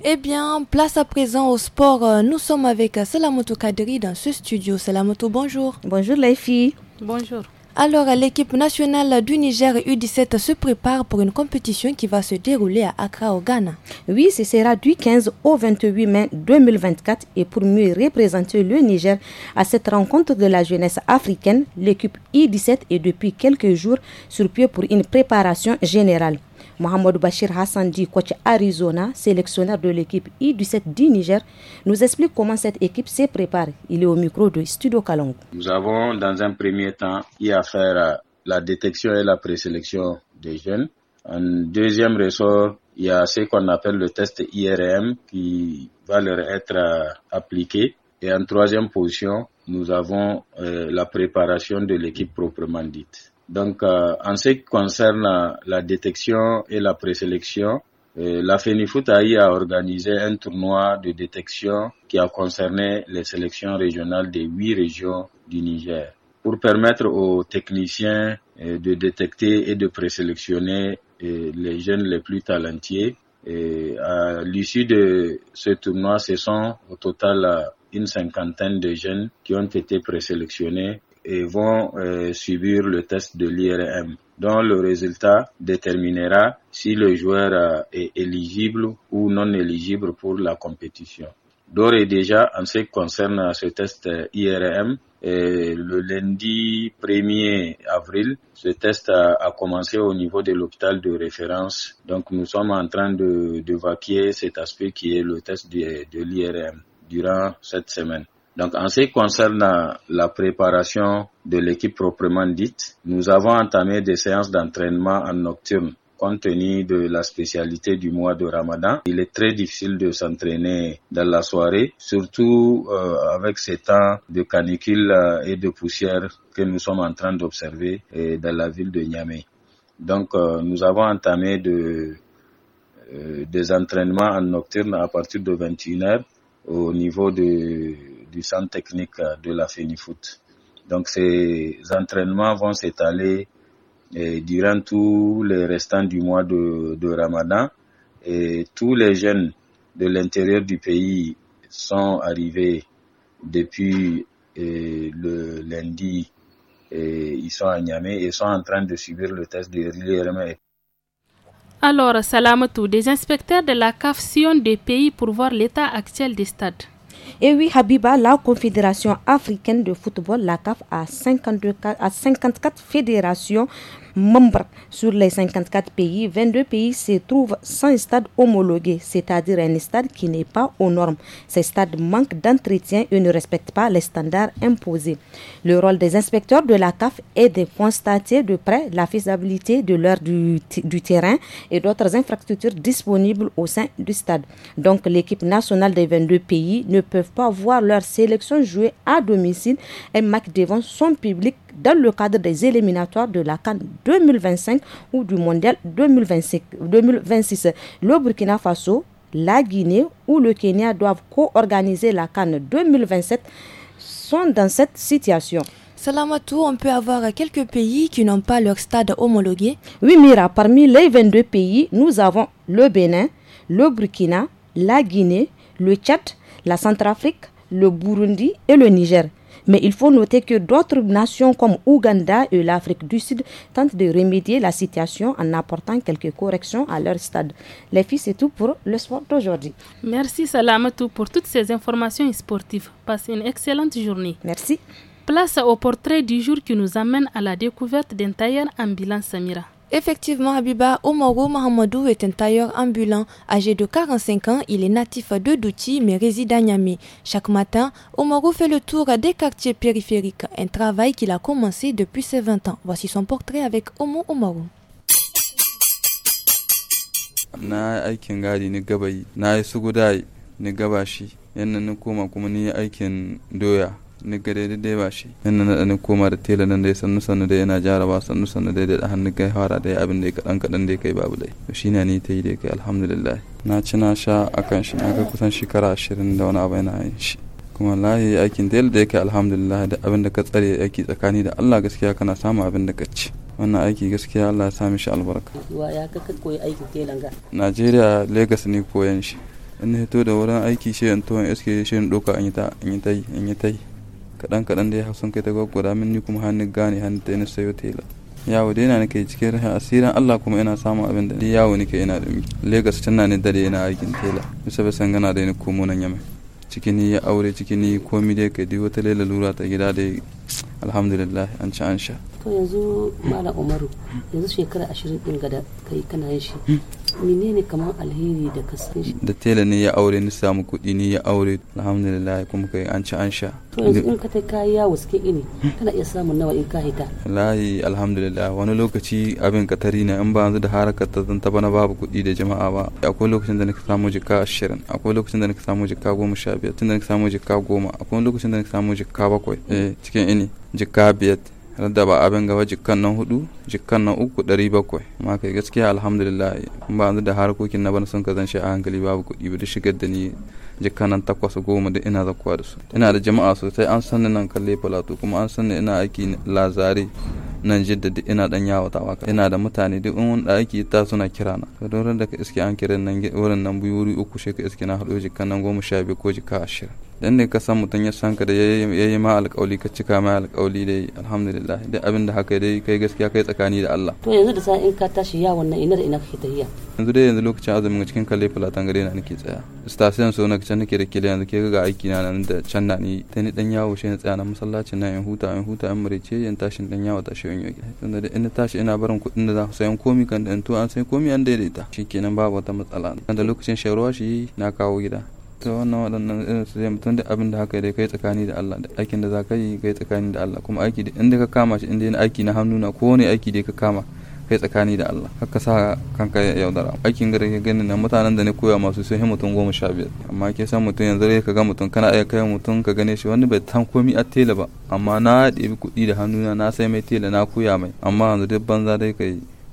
Eh bien, place à présent au sport. Nous sommes avec Salamoto Kadri dans ce studio. Salamoto, bonjour. Bonjour les filles. Bonjour. Alors, l'équipe nationale du Niger U17 se prépare pour une compétition qui va se dérouler à Accra, au Ghana. Oui, ce sera du 15 au 28 mai 2024. Et pour mieux représenter le Niger à cette rencontre de la jeunesse africaine, l'équipe U17 est depuis quelques jours sur pied pour une préparation générale. Mohamed Bachir Hassandi, coach Arizona, sélectionneur de l'équipe I-17 du Niger, nous explique comment cette équipe se prépare. Il est au micro de Studio Kalong. Nous avons, dans un premier temps, affaire à faire la détection et la présélection des jeunes. En deuxième ressort, il y a ce qu'on appelle le test IRM qui va leur être euh, appliqué. Et en troisième position, nous avons euh, la préparation de l'équipe proprement dite. Donc, euh, en ce qui concerne la, détection et la présélection, euh, la FENIFOOT a, a organisé un tournoi de détection qui a concerné les sélections régionales des huit régions du Niger pour permettre aux techniciens euh, de détecter et de présélectionner les jeunes les plus talentueux. Et à l'issue de ce tournoi, ce sont au total une cinquantaine de jeunes qui ont été présélectionnés et vont euh, subir le test de l'IRM dont le résultat déterminera si le joueur euh, est éligible ou non éligible pour la compétition. D'ores et déjà, en ce qui concerne ce test IRM, et euh, le lundi 1er avril, ce test a, commencé au niveau de l'hôpital de référence. Donc nous sommes en train de, vaquer cet aspect qui est le test de, de l'IRM durant cette semaine. Donc en ce qui concerne la préparation de l'équipe proprement dite, nous avons entamé des séances d'entraînement en nocturne. Compte tenu de la spécialité du mois de Ramadan, il est très difficile de s'entraîner dans la soirée, surtout euh, avec ces temps de canicule euh, et de poussière que nous sommes en train d'observer euh, dans la ville de Niamey. Donc nous avons entamé de, des entraînements en nocturne à partir de 21h au niveau de du centre technique euh, de la FENIFOOT. Donc ces entraînements vont s'étaler euh, durant tous les restants du mois de, Ramadan et tous les jeunes de l'intérieur du pays sont arrivés depuis euh, le lundi. Et ils sont à Niamey et sont en train de subir le test de l'IRM. E. Alors, Salamatou, des inspecteurs de la CAF sillonnent des pays pour voir l'état actuel des stades. Et oui, Habiba, la Confédération africaine de football, la CAF, a, a 54 fédérations membres sur les 54 pays, 22 pays se trouvent sans stade homologué, c'est-à-dire un stade qui n'est pas aux normes. Ces stades manquent d'entretien et ne respectent pas les standards imposés. Le rôle des inspecteurs de la CAF est de constater de près la faisabilité de l'heure du, terrain et d'autres infrastructures disponibles au sein du stade. Donc l'équipe nationale des 22 pays ne peuvent pas voir leur sélection jouer à domicile et match devant son public dans le cadre des éliminatoires de la Cannes 2025 ou du Mondial 2026. Le Burkina Faso, la Guinée ou le Kenya doivent co-organiser la Cannes 2027 sont dans cette situation. Salamatou, on peut avoir quelques pays qui n'ont pas leur stade homologué Oui, Mira, parmi les 22 pays, nous avons le Bénin, le Burkina, la Guinée, le Tchad, la Centrafrique, le Burundi et le Niger. Mais il faut noter que d'autres nations comme Ouganda et l'Afrique du Sud tentent de remédier la situation en apportant quelques corrections à leur stade. Les filles, c'est tout pour le sport d'aujourd'hui. Merci Salamatou pour toutes ces informations sportives. Passez une excellente journée. Merci. Place au portrait du jour qui nous amène à la découverte d'un tailleur bilan Samira. Effectivement, Habiba Omoro Mahamadou est un tailleur ambulant. Âgé de 45 ans, il est natif de Douti mais réside à Niamey. Chaque matin, Omoro fait le tour des quartiers périphériques, un travail qu'il a commencé depuis ses 20 ans. Voici son portrait avec Omo Omoro. ni ga da dai ba shi ina na ɗani koma da tela nan dai sannu sannu dai yana jaraba sannu sannu dai da hannu kai fara dai abin dai kaɗan kaɗan dai kai babu dai to na ni ta yi dai kai alhamdulillah na ci na sha akan shi na ga kusan shekara ashirin da wani abu yana yin shi kuma lahi aikin da yadda yake alhamdulillah da abin da ka tsare aiki tsakani da Allah gaskiya kana samun abin da ka ci wannan aiki gaskiya Allah ya sa mishi albarka wa ya ka koyi aikin telanga Najeriya Lagos ne koyan shi in hito da wurin aiki shi in to in iske shi in doka in yi ta yi in yi ta yi kaɗan kaɗan dai sun kai ta gwaggwada min ni kuma hannun gane hannu ta ina sayo tela yawo dai ina nake cikin rahin asirin Allah kuma ina samun abin da ni yawo nake ina da mi can na ne dare yana aikin tela bisa bisa gana da ni komo nan yamai ciki ni ya aure ciki ni komi dai kai duk wata lela lura ta gida dai alhamdulillah an ci an sha to yanzu malam umaru yanzu shekara ashirin din gada kai kana yin shi menene kamar alheri da ka san shi da tela ne ya aure ni samu kudi ni ya aure alhamdulillah kuma kai an ci an sha to yanzu in ka ta kai ya suke ini kana iya samun nawa in ka hita wallahi alhamdulillah wani lokaci abin katari na in ba yanzu da harakar ta zanta bana babu kudi da jama'a ba akwai lokacin da nake samu jika 20 akwai lokacin da nake samu jika goma sha biyar tun da nake samu jika goma akwai lokacin da nake samu jika bakwai eh cikin ini jika biyar da ba abin gaba jikan nan hudu jikan nan uku dari bakwai ma kai gaskiya alhamdulillah in ba da harkokin na bana sun ka zan a hankali babu kuɗi ba da shigar da ni jikan nan takwas goma da ina zakuwa da su ina da jama'a sosai an san nan kalle falato kuma an san ina aiki lazare nan jidda da ina dan yawatawa ka ina da mutane duk wani da aiki ta suna kira na ka da ka iske an kira nan wurin nan biyu uku shi ka iske na hado jikan nan goma sha biyu ko jikka ashirin dan ne ka san mutum ya san ka da yi ma alƙawli ka cika ma alƙawli dai alhamdulillah duk abin da haka dai kai gaskiya kai tsakani da Allah to yanzu da sa in ka tashi ya wannan ina da ina kake tafiya yanzu dai yanzu lokacin azumin cikin kalle fulatan gare na nake tsaya station so na can nake da kile yanzu ke ga aiki na nan da can na ni ta ni dan yawo shi na tsaya na masallaci na in huta in huta in murece yan tashin dan yawo tashi in yoge tunda da in tashi ina barin kudin da za ku sayan komi kan dan to an sai komi an daidaita shikenan babu wata matsala da lokacin shawarwa shi na kawo gida ta wannan waɗannan irin eh, su zai mutum da abin da haka dai kai tsakani da Allah da aikin da za ka yi kai tsakani da Allah kuma aiki da inda ka kama shi inda yana aiki na hannu na kowane aiki da ka kama kai tsakani da Allah haka sa kanka ya yaudara aikin gare ka gani na mutanen da ne koya masu sun mutum goma sha biyar amma ke san mutum yanzu dai ka ga mutum kana iya kai mutum ka gane shi wani bai tan komi a tela ba amma na ɗebi kuɗi da hannuna na sai mai tela na koya mai amma yanzu duk banza dai ka yi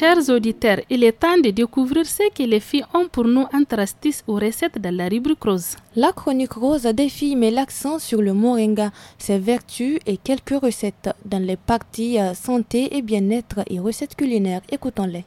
chers auditeurs, il est temps de découvrir ce que les filles ont pour nous en trastis ou recettes de la rubrique rose. La chronique rose des filles met l'accent sur le moringa, ses vertus et quelques recettes dans les parties euh, santé et bien-être et recettes culinaires. Écoutons-les.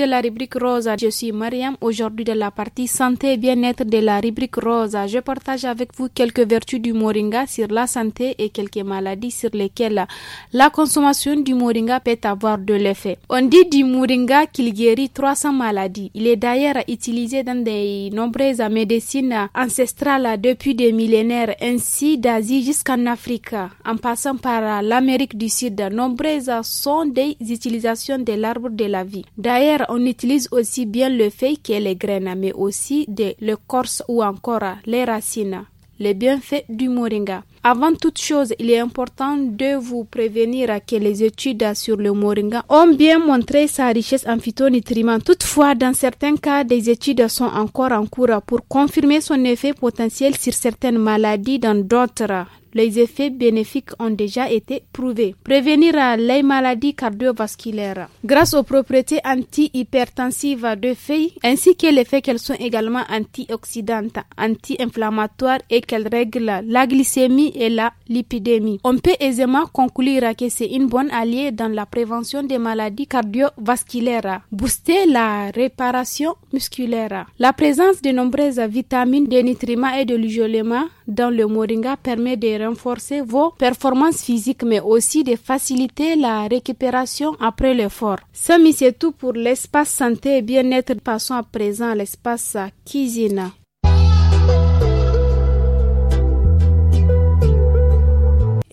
de la rubrique Rosa, je suis Mariam. Aujourd'hui de la partie santé et bien-être de la rubrique Rosa, je partage avec vous quelques vertus du moringa sur la santé et quelques maladies sur lesquelles la consommation du moringa peut avoir de l'effet. On dit du moringa qu'il guérit 300 maladies. Il est d'ailleurs utilisé dans de nombreuses médecines ancestrales depuis des millénaires, ainsi d'Asie jusqu'en Afrique, en passant par l'Amérique du Sud. Nombreuses sont des utilisations de l'arbre de la vie. D'ailleurs, on utilise aussi bien le feuille que les graines, mais aussi le corse ou encore les racines les bienfaits du moringa. Avant toute chose, il est important de vous prévenir que les études sur le moringa ont bien montré sa richesse en phytonutriments. Toutefois, dans certains cas, des études sont encore en cours pour confirmer son effet potentiel sur certaines maladies. Dans d'autres, les effets bénéfiques ont déjà été prouvés. Prévenir euh, les maladies cardiovasculaires. Grâce aux propriétés antihypertensives de feuilles, ainsi que l'effet qu'elles sont également antioxydantes, anti-inflammatoires et qu'elles règlent la glycémie et la lipidémie. On peut aisément conclure que c'est une bonne alliée dans la prévention des maladies cardiovasculaires, booster la réparation musculaire. La présence de nombreuses vitamines, de nutriments et de l'isolement dans le moringa permet de renforcer vos performances physiques, mais aussi de faciliter la récupération après l'effort. Samy, c'est tout pour l'espace santé et bien-être. Passons à présent à l'espace cuisine.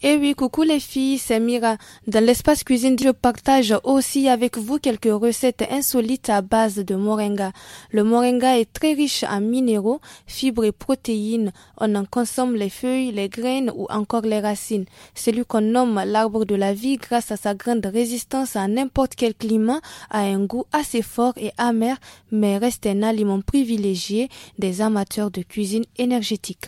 Eh oui, coucou les filles, c'est Mira. Dans l'espace cuisine, je partage aussi avec vous quelques recettes insolites à base de moringa. Le moringa est très riche en minéraux, fibres et protéines. On en consomme les feuilles, les graines ou encore les racines. Celui qu'on nomme l'arbre de la vie grâce à sa grande résistance à n'importe quel climat a un goût assez fort et amer, mais reste un aliment privilégié des amateurs de cuisine énergétique.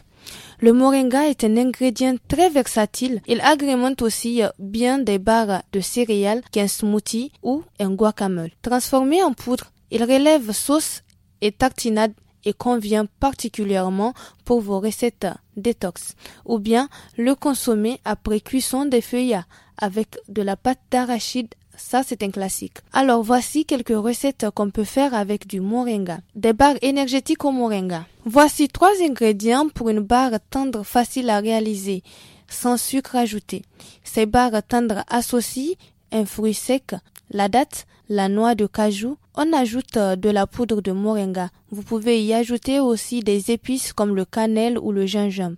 Le moringa est un ingrédient très versatile. Il agrémente aussi euh, bien des barres de céréales qu'un smoothie ou un guacamole. Transformé en poudre, il relève sauce et tartinade et convient particulièrement pour vos recettes détox ou bien le consommer après cuisson des feuilles avec de la pâte d'arachide ça, c'est un classique. Alors, voici quelques recettes qu'on peut faire avec du moringa. Des barres énergétiques au moringa. Voici trois ingrédients pour une barre tendre facile à réaliser, sans sucre ajouté. Ces barres tendres associent un fruit sec, la date, la noix de cajou. On ajoute de la poudre de moringa. Vous pouvez y ajouter aussi des épices comme le cannelle ou le gingembre.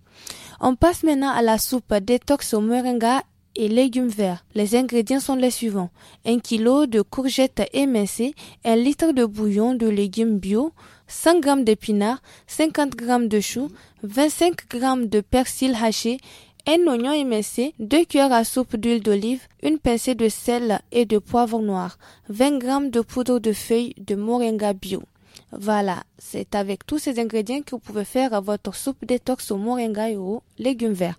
On passe maintenant à la soupe détox au moringa et légumes verts. Les ingrédients sont les suivants. 1 kg de courgettes émincées, 1 litre de bouillon de légumes bio, 100 g d'épinards, 50 g de choux, 25 g de persil haché, un oignon émincé, 2 cuillères à soupe d'huile d'olive, une pincée de sel et de poivre noir, 20 g de poudre de feuilles de moringa bio. Voilà, c'est avec tous ces ingrédients que vous pouvez faire votre soupe détox au moringa et aux légumes verts.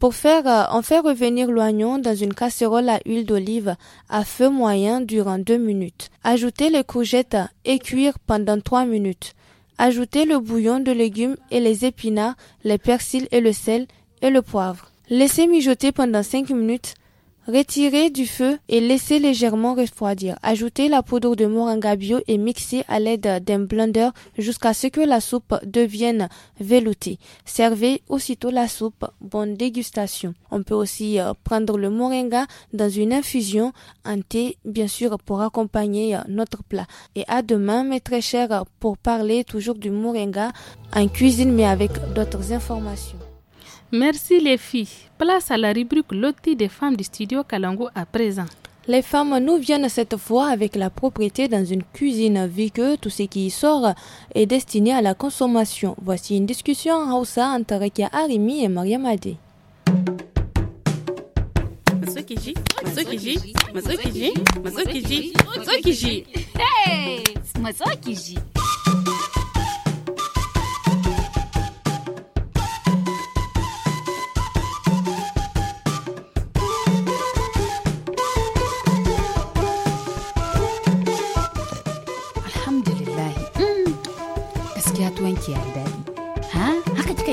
Pour faire, euh, on fait revenir l'oignon dans une casserole à huile d'olive à feu moyen durant deux minutes. Ajoutez les courgettes et cuire pendant trois minutes. Ajoutez le bouillon de légumes et les épinards, les persils et le sel et le poivre. Laissez mijoter pendant cinq minutes Retirez du feu et laissez légèrement refroidir. Ajoutez la poudre de moringa bio et mixez à l'aide d'un blender jusqu'à ce que la soupe devienne veloutée. Servez aussitôt la soupe. Bonne dégustation. On peut aussi euh, prendre le moringa dans une infusion, en thé bien sûr pour accompagner euh, notre plat. Et à demain mes très chers pour parler toujours du moringa en cuisine mais avec d'autres informations. Merci les filles. Place à la rubrique Loti des femmes du studio Kalango à présent. Les femmes nous viennent cette fois avec la propriété dans une cuisine, vu que tout ce qui y sort est destiné à la consommation. Voici une discussion en Hausa entre Rekia Arimi et Maria Madé. Hey!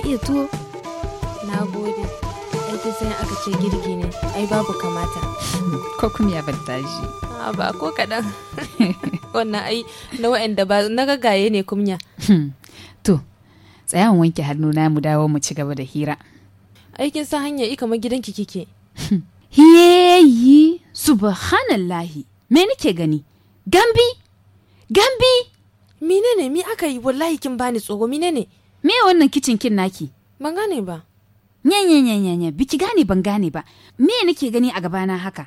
iya tuwo na gode ai sai aka ce girki ne ai babu kamata ko kuma ya banta shi ba ko kaɗan wannan ai na wa'anda ba na gagaye ne kumya hmm. to tsayawan wanke hannu na mu dawo mu ci gaba da hira aikin sa hanya ika ma gidanki kike hmm. yi subhanallahi me nake gani gambi gambi menene mi aka yi wallahi kin bani tsoro menene ne me wannan kicin kin naki ban gane ba nyanyanyanyanya biki gane ban gane ba me nake gani a gabana haka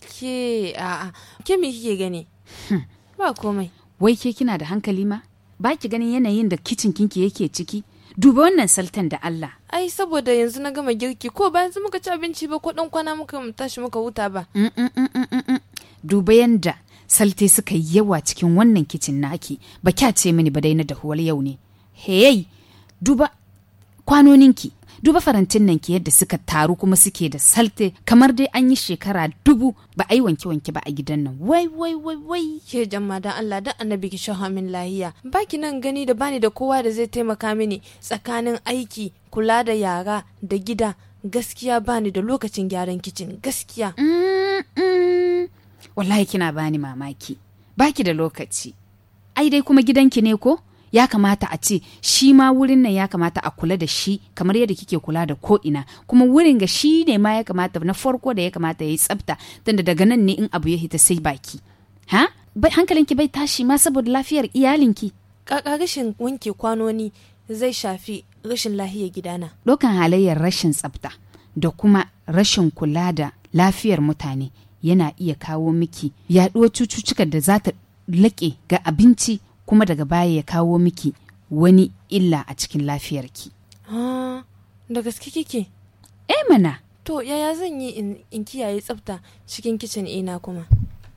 ke a'a ke me kike gani hmm. ba komai wai ke kina da hankali ma ba ki ganin yanayin da kicin kinki yake ciki duba wannan saltan da Allah. Ai saboda yanzu na gama girki ko bayan yanzu muka ci abinci ba ko dan kwana muka tashi muka huta ba. Mm, mm, mm, duba yanda salte suka yi yawa cikin wannan kicin naki ba kya ce mini ba dai na dahuwar yau ne. Hey, duba kwanoninki duba farantin nan ki yadda suka taru kuma suke da salte kamar dai an yi shekara dubu ba a yi wanke wanke ba a gidan nan wai wai wai wai ke jama da Allah da annabi ki sha min lahiya baki nan gani da bani da kowa da zai taimaka mini tsakanin aiki kula da yara da gida gaskiya bani da lokacin gyaran kicin gaskiya wallahi kina bani mamaki baki da lokaci ai dai kuma gidanki ne ko ya kamata a ce shi ma wurin nan ya kamata a kula da shi kamar yadda kike kula da ko ina kuma wurin ga shi ne ma ya kamata na farko da ya kamata ya yi tsafta tunda daga nan ne in abu ya hita sai baki ha bai hankalinki bai tashi ma saboda lafiyar iyalinki kaka rashin wanke kwanoni zai shafi rashin lahiyar gidana dokan halayyar rashin tsafta da kuma rashin kula da lafiyar mutane yana iya kawo miki yaɗuwar cututtukan da za ta laƙe ga abinci kuma daga baya ya kawo miki wani illa a cikin lafiyarki. Ah, da gaske kike? Eh mana. To yaya zan yi in, kiyaye tsafta cikin kicin ina kuma?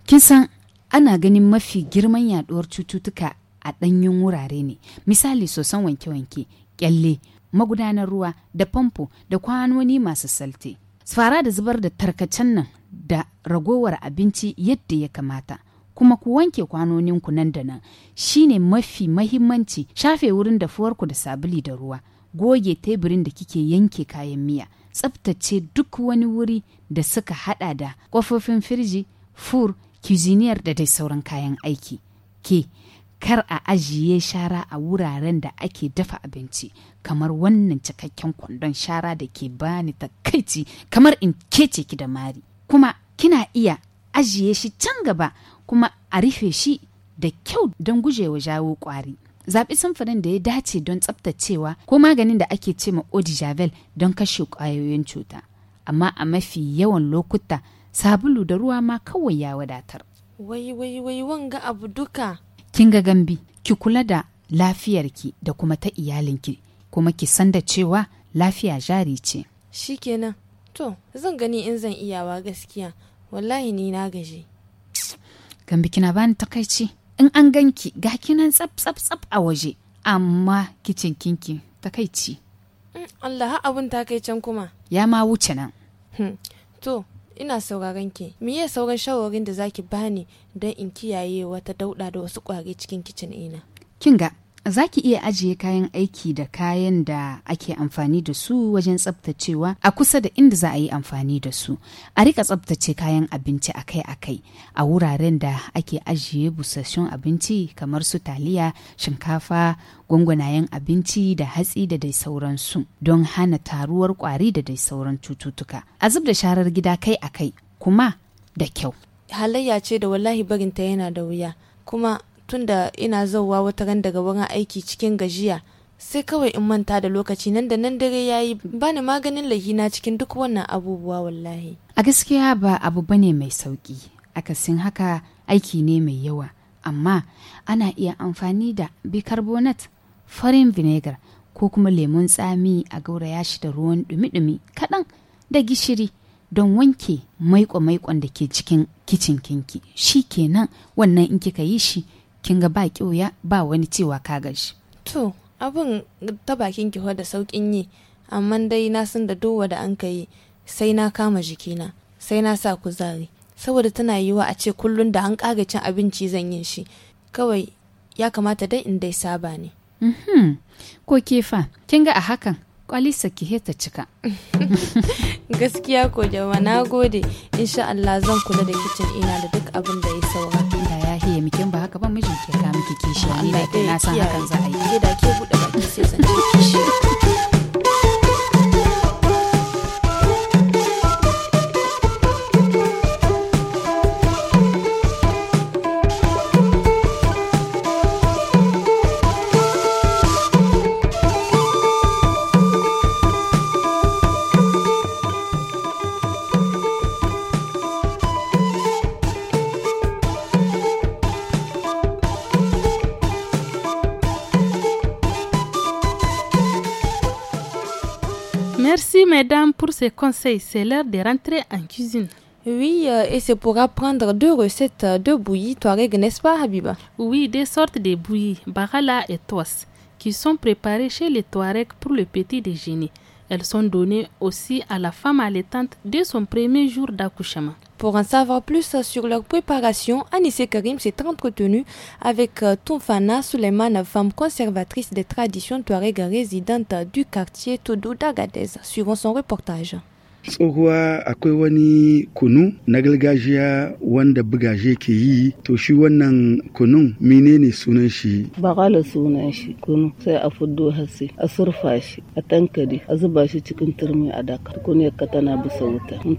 Kin san ana ganin mafi girman yaduwar cututtuka a ɗanyen wurare ne. Misali sosan wanke-wanke, kyalle, magudanar ruwa da famfo da kwanoni masu salte. Fara da zubar da tarkacen nan da ragowar abinci yadda ya kamata. kuma ku wanke kwanoninku nan da nan shine mafi mahimmanci shafe wurin dafuwarku da sabuli da ruwa goge teburin da kike yanke kayan miya tsaftace duk wani wuri da suka hada da kofofin firji fur kiziniyar da dai sauran kayan aiki ke kar a ajiye shara a wuraren da ake dafa abinci kamar wannan cikakken kwandon shara da ke bani takaici kamar in kece ki da mari kuma kina iya ajiye shi can gaba kuma a rufe shi da kyau don gujewa jawo kwari zaɓi samfurin da ya dace don tsaftacewa ko maganin da ake ce ma javel don kashe ƙwayoyin cuta amma a mafi yawan lokuta sabulu da ruwa ma kawai ya wadatar wai wai wai wanga abu duka kin ga gambi ki kula da lafiyarki da kuma ta iyalinki kuma ki san da cewa lafiya jari ce shikenan to zan gani in zan iyawa gaskiya wallahi ni na gaji Gambi kina bani takaici. In an ganki ga kinan tsaf tsaf a waje amma kicin kinki takaici. Mm, Allah abun takaicen kuma. Ya ma wuce nan. Hmm, to, ina sauraron ki. Miye sauran shawarin da zaki bani don in kiyaye wata dauɗa da wasu ƙwari cikin kicin ina? Kin ga za ki iya ajiye kayan aiki da kayan da ake amfani da su wajen tsabtacewa a kusa da inda za a yi amfani da su a rika tsabtace kayan abinci akai-akai a wuraren da ake ajiye busassun abinci kamar su taliya shinkafa gwangwanayen abinci da hatsi da dai sauransu don hana taruwar kwari da dai sauran cututtuka a zub da sharar gida kai-akai kuma da kyau halayya ce da wallahi barinta yana da wuya kuma tun da ina zauwa wata ran daga wurin aiki cikin gajiya sai kawai in manta da lokaci nan da nan dare ya yayi bani maganin lahina cikin duk wannan abubuwa wallahi a gaskiya ba abu bane mai sauki akasin haka aiki ne mai yawa amma ana iya amfani da bicarbonate farin vinegar ko kuma lemon tsami a gauraya shi da ruwan dumi-dumi kaɗan da gishiri don wanke maiko-maikon da ke cikin kicin kinki shi kenan wannan in kika yi shi kin ga ba ya ba wani cewa ka gashi. To, abin ta bakin ki da sauƙin yi, amma dai na san da dowa da an yi sai na kama jikina, sai na sa kuzari. Saboda tana yiwa a ce kullum da an ƙaga cin abinci zan yin shi, kawai ya kamata dai in dai saba ne. Mhm. ko kefa, kin ga a hakan kwalisa ki heta cika. Gaskiya ko jama na gode, insha Allah zan kula da kicin ina da duk abin da ya saura. lahiya mikin ba haka ba mijin ke ka miki kishi ni da na san hakan za a yi da ke bude baki sai zan kishi mesdames, pour ces conseils, c'est l'heure de rentrer en cuisine. Oui, euh, et c'est pour apprendre deux recettes de bouillies touareg, n'est-ce pas, Habiba Oui, des sortes de bouillies, barala et toas, qui sont préparées chez les touareg pour le petit déjeuner. Elles sont données aussi à la femme allaitante dès son premier jour d'accouchement. Pour en savoir plus sur leur préparation, Anissé Karim s'est entretenu avec euh, Toufana Suleiman, femme conservatrice des traditions touareg résidente du quartier Toudou d'Agadez. suivant son reportage. tsohuwa akwai wani kunu na gargajiya wanda bugaje ke yi to shi wannan kunun menene sunan shi bakala sunan shi kunu sai a fuddo hasi a surfa shi a tankade a zuba shi cikin turmi a daka kunu ka tana bisa wuta in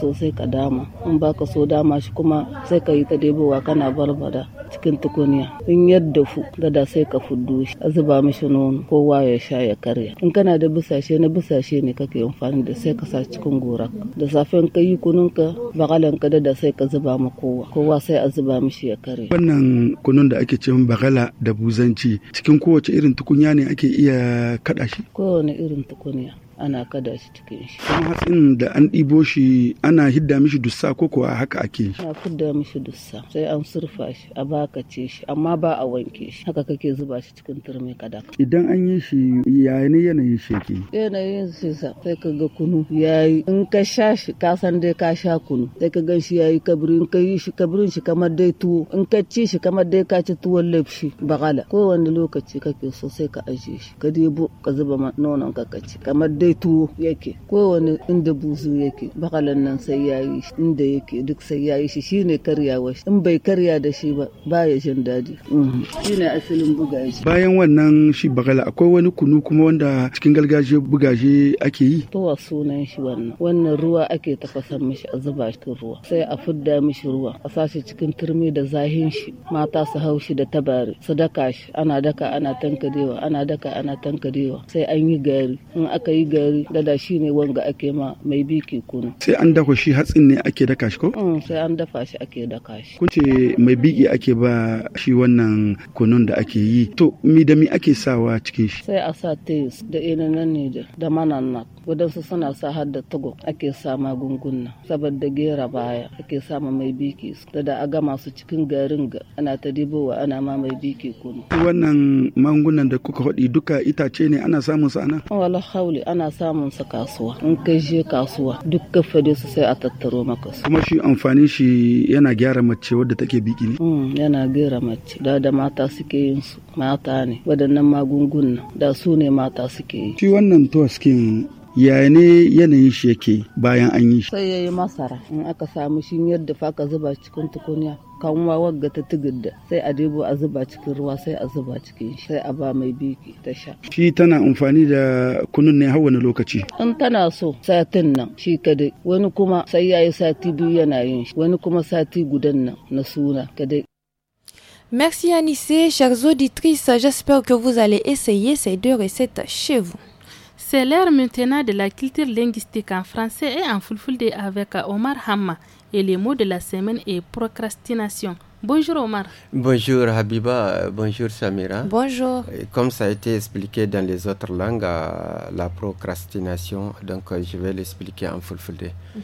so sai ka dama in baka so dama shi kuma sai ka yi ta debowa kana barbada cikin tukunya in yadda fu gada sai ka fuddo shi a zuba mishi nono kowa ya sha ya karya in kana da busashe na busashe ne kake amfani da sai ka sa cikin cikin gorak da safe ka yi kunun ka bakalan ka da sai ka zuba ma kowa kowa sai a zuba mishi ya kare wannan kunun da ake cewa bakala da buzanci cikin kowace irin tukunya ne ake iya kada shi kowane irin tukunya ana kada shi cikin shi kuma hatsin da an ɗibo shi ana hidda mishi dussa ko kuwa haka ake ana fidda mishi dussa sai an surfa shi a bakace shi amma ba a wanke shi haka kake zuba shi cikin turmi kada. idan an yi shi yaya ne yanayin shi yake yanayin shi sa sai ka ga kunu yayi in ka sha shi ka san dai ka sha kunu sai ka gan shi yayi kabri in ka yi shi kabirin shi kamar dai tuwo in ka ci shi kamar dai ka ci tuwon lafshi bakala kowane lokaci kake so sai ka ajiye shi ka debo ka zuba nonon ka ka ci kamar dai dai tuwo yake kowane inda buzu yake bakalan nan sai ya yi inda yake duk sai ya yi shi shine karyawa in bai karya da shi ba baya jin shi mhm. shine asalin bugaji bayan wannan shi bakala akwai wani kunu kuma wanda cikin gargajiya bugaje ake yi towa sunan shi wannan wannan ruwa ake tafasa mishi a zuba shi ruwa sai a fudda mishi ruwa a sashi cikin turmi da zahin shi mata su hau shi da tabari su daka shi ana daka ana tankadewa ana daka ana tankadewa sai an yi gari in aka yi gari da da shi ne wanga ake ma mai biki kunu Sai an dafa shi hatsin ne ake daka shi ko? Mm, sai an dafa shi ake daka shi. Kun ce mai biki ake ba shi wannan kunun da ake yi. To mi da mi ake sawa cikin shi? Sai a sa teus da nan ne da manannak. Wadansu suna sa har da tago ake sa magunguna saboda gera baya ake sa mai biki da da a gama su cikin garin ga ana ta dibowa ana ma mai biki kunu Wannan magungunan da kuka faɗi duka itace ne ana samun sa ana? Wala hauli ana ana samun sa kasuwa in kai je kasuwa duk ka fade su sai a tattaro maka su kuma shi amfanin shi yana gyara mace wadda take biki ne mm, yana gyara mace da da mata suke yin su mata ne waɗannan magungunan da su ne mata suke yi shi wannan tuwa skin ya ne yanayin shi yake bayan an yi shi sai yayi masara in aka samu shi yadda fa ka zuba cikin tukunya kanwa wagga ta tigidda sai a debo a zuba cikin ruwa sai a zuba cikin shi sai a ba mai biki ta sha shi tana amfani da kunun ne har wani lokaci in tana so satin nan shi kadai wani kuma sai yayi sati biyu yana yin shi wani kuma sati gudan nan na suna kadai Merci Anissé, chers auditrices, j'espère que vous allez essayer ces deux recettes chez vous. C'est l'heure maintenant de la culture linguistique en français et en fulfulde avec Omar Hamma. Et les mots de la semaine est procrastination. Bonjour Omar. Bonjour Habiba, bonjour Samira. Bonjour. Comme ça a été expliqué dans les autres langues, euh, la procrastination, donc euh, je vais l'expliquer en fulfulde. Mhm.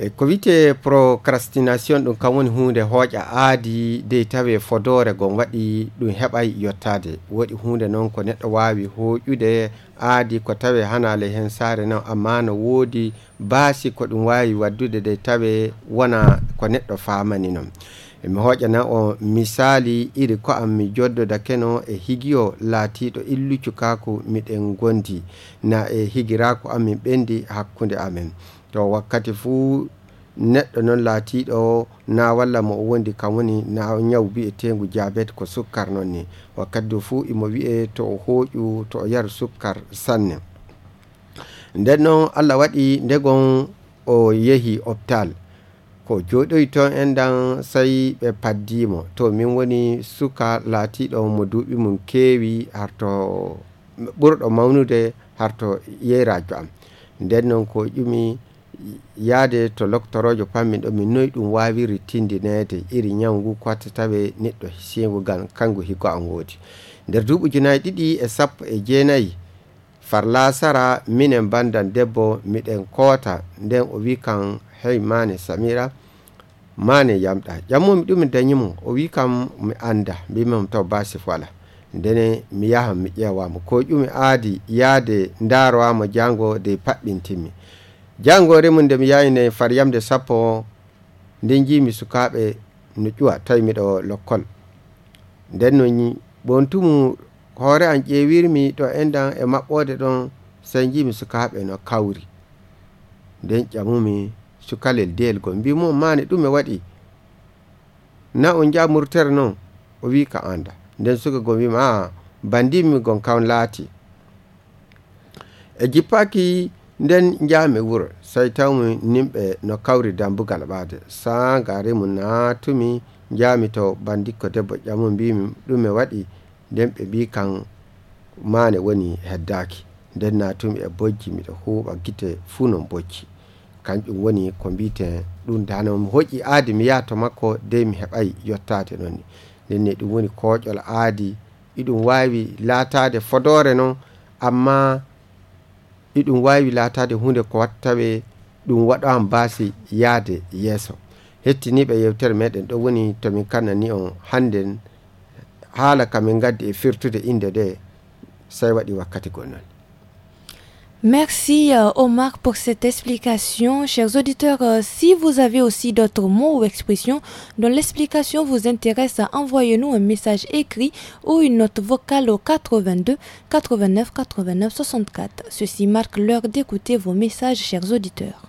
e ko wite procrastination ɗum kam woni hunde hooƴa aadi dey tawe fodore gon waɗi ɗum heɓay yottade woɗi hunde noon ko neɗɗo wawi hooƴude aadi ko tawe hanale hen saare non amma no woodi baasi ko ɗum wawi waddude dey tawe wona ko neɗɗo famani noon mi hooƴana o misali iri ko am mi joddoda keno e higiyo laatiɗo illucu kaku miɗen gondi na e higirako am min ɓendi hakkude amen to wakkati fuu neɗɗo noon laatiɗo na walla mo o wondi kam woni na ñaw bi'e tengu diabete ko sukkar noon ni wakkati du fuu imo wi'e to o hooƴu to o yaru sukkar sanne nden noon allah waɗi ndegon o yehi hopital ko joɗoy ton en dan sayi ɓe paddimo to min woni suka laatiɗo mo duuɓi mum keewi harto ɓurɗo mawnude harto yeyrajo am nden noon ko ƴumi yaade to loctorojo pammin ɗo min noyi ɗum wawiri tindinede iri ñawngu koata tawe neɗɗo sengu gan kanngu hikko an woodi nder duuɓi junayi ɗiɗi e sappo e jeenayi far lasara minen bandan debbo miɗen koota nden o wi kam hey mane samira mane yamɗa ƴammumi ɗum mi dañimo o wi kam mi anda mbimam taw basif wala ndene mi yahan mi ƴeewamo ko ƴumi aadi yaade ndaarowamo jango de paɓɓintinmi jangore mun nde mi ne far yamde sappo o nden mi sukaɓe no tay mi do lokkol nden no mu hore an ƴeewirmi to enɗan e don ɗon sey mi sukaɓe no kawri nden ƴamumi sukalel deyel gol mo mane dum e waɗi na on jamur terno o wi ka anda nden suka go wima a bandimi gon kaun lati. e jipaki nden jami wuro soy tawmi nimɓe no kawri dambugal ɓaade saa garimu naatumi jami to bandikko debbo ƴamu mbimi ɗume waɗi nden ɓe mbi kan mane woni heddaki nden naatumi e bojji miɗo huuɓa gite fuu non bojji kanƴum woni ko mbite ɗum danomi hoƴƴi aadi mi yahto makko de mi heɓayi yottaade noonni nden ne ɗum woni koƴol aadi iɗum wawi laatade fodore noon amma eɗum wawi latade hunde ko wattaɓe ɗum waɗan basi yaade yeeso hettiniɓe yewtere meɗen ɗo woni tomin kanani on hannden haala kamin gaddi e firtude inde nde sai waɗi wakkati gol Merci euh, Omar pour cette explication. Chers auditeurs, euh, si vous avez aussi d'autres mots ou expressions dont l'explication vous intéresse, envoyez-nous un message écrit ou une note vocale au 82 89 89 64. Ceci marque l'heure d'écouter vos messages, chers auditeurs.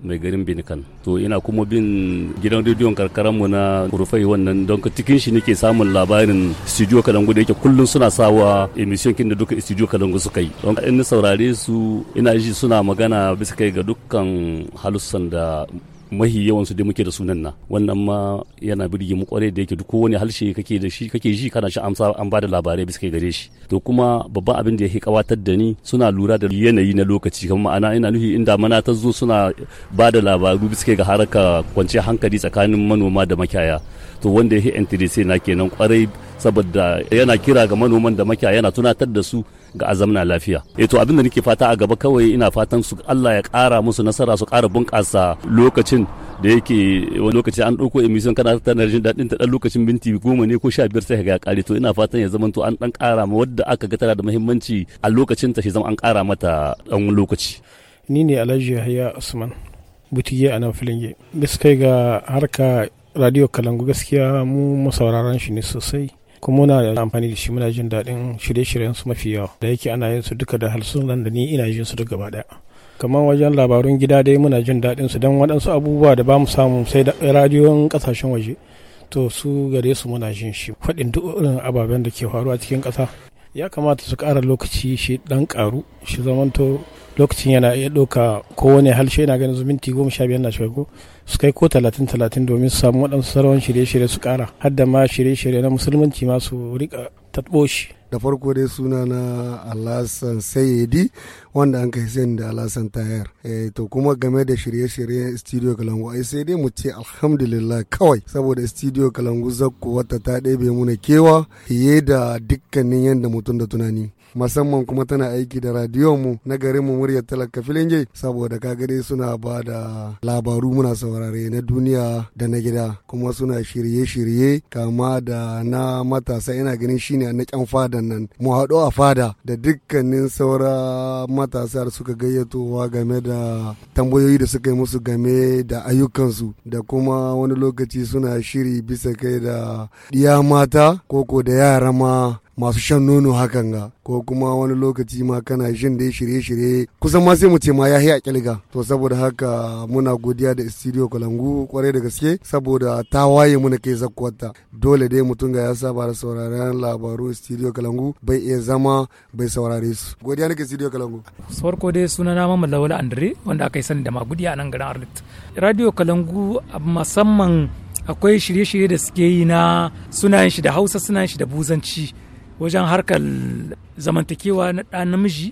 mai garin binikan to ina kuma bin gidan rediyon mu na kurfai wannan don cikin shi nake samun labarin studio kalangu da yake kullun suna sawa emission kin da duka studio kalangu suka yi don in saurare su ina ji suna magana bisa kai ga dukkan halussan da mahi yawan su da muke da sunan na wannan ma yana birge mu kwarai da yake duk wani harshe kake da shi kake ji kana shi amsa an bada labarai bisa gare shi to kuma babban abin da yake kawatar da ni suna lura da yanayi na lokaci kuma ana ina nufi inda mana ta zo suna bada labaru bisa ga haraka kwance hankali tsakanin manoma da makiyaya to wanda yake interesse na kenan kwarai saboda yana kira ga manoman da makiyaya yana tunatar da su ga azamna lafiya eh to abin da nake fata a gaba kawai ina fatan su Allah ya ƙara musu nasara su ƙara bunƙasa lokacin da yake wani lokaci an ɗauko emission kana ta tana jin daɗin ta ɗan lokacin minti goma ne ko sha biyar sai ga ƙare to ina fatan ya zama to an ɗan ƙara ma wadda aka ga tana da muhimmanci a lokacin ta shi zama an ƙara mata ɗan lokaci. Ni ne Alhaji Yahaya Usman butiye a nan filinge. Gaskiya ga harka radio kalangu gaskiya mu masauraran shi ne sosai. kuma muna amfani da shi muna jin daɗin shirye-shiryen su mafi yawa da yake ana yin su duka da harsunan da ni ina jin su duka gaba kamar wajen labarun gida dai muna jin daɗin su don waɗansu abubuwa da ba mu samu sai da radiyon ƙasashen waje to su gare su muna jin shi faɗin duk ababen da ke faruwa cikin ƙasa ya kamata su kara lokaci shi ɗan ƙaru shi zamanto lokacin yana iya ɗauka kowane halshe na ganin minti goma sha biyar na shago su kai ko talatin talatin domin su samu waɗansu sarawar shirye-shirye su kara har ma shirye-shirye na musulunci ma su riƙa taɓo shi da farko dai suna na alasan sayedi wanda an kai sayan da alasan tayar eh, to kuma game da shirye-shiryen studio kalangu ai sai dai mu ce alhamdulillah kawai saboda studio kalangu zakko wata ta ɗebe muna kewa fiye da dukkanin yadda mutum da tunani musamman kuma tana aiki da radiyon mu na garin mu muryar talaka jai? saboda kaga dai suna ba da labaru muna saurare na duniya da na gida kuma suna shirye-shirye kama da na matasa ina ganin shine na kyan fadan nan mu haɗu a fada da dukkanin saura matasa da suka gayyatowa game da tambayoyi da suka yi musu game da ayyukansu da kuma wani lokaci suna shiri bisa kai da ɗiya mata koko da yara ma masu shan nono hakan ga ko kuma wani lokaci ma kana shin dai shirye-shirye kusan ma sai mu ce ma ya a kilga to saboda haka muna godiya da studio kwalangu kwarai da gaske saboda ta waye muna kai zakkuwarta dole dai mutum ga ya saba da sauraron labaru studio kwalangu bai iya zama bai saurare su godiya nake studio kwalangu farko dai suna na mamman lawal andre wanda aka yi sani da magudi a nan garin arlit radio kalangu musamman akwai shirye-shirye da suke yi na sunayen shi da hausa sunayen shi da buzanci wajen harkar zamantakewa na ɗan namiji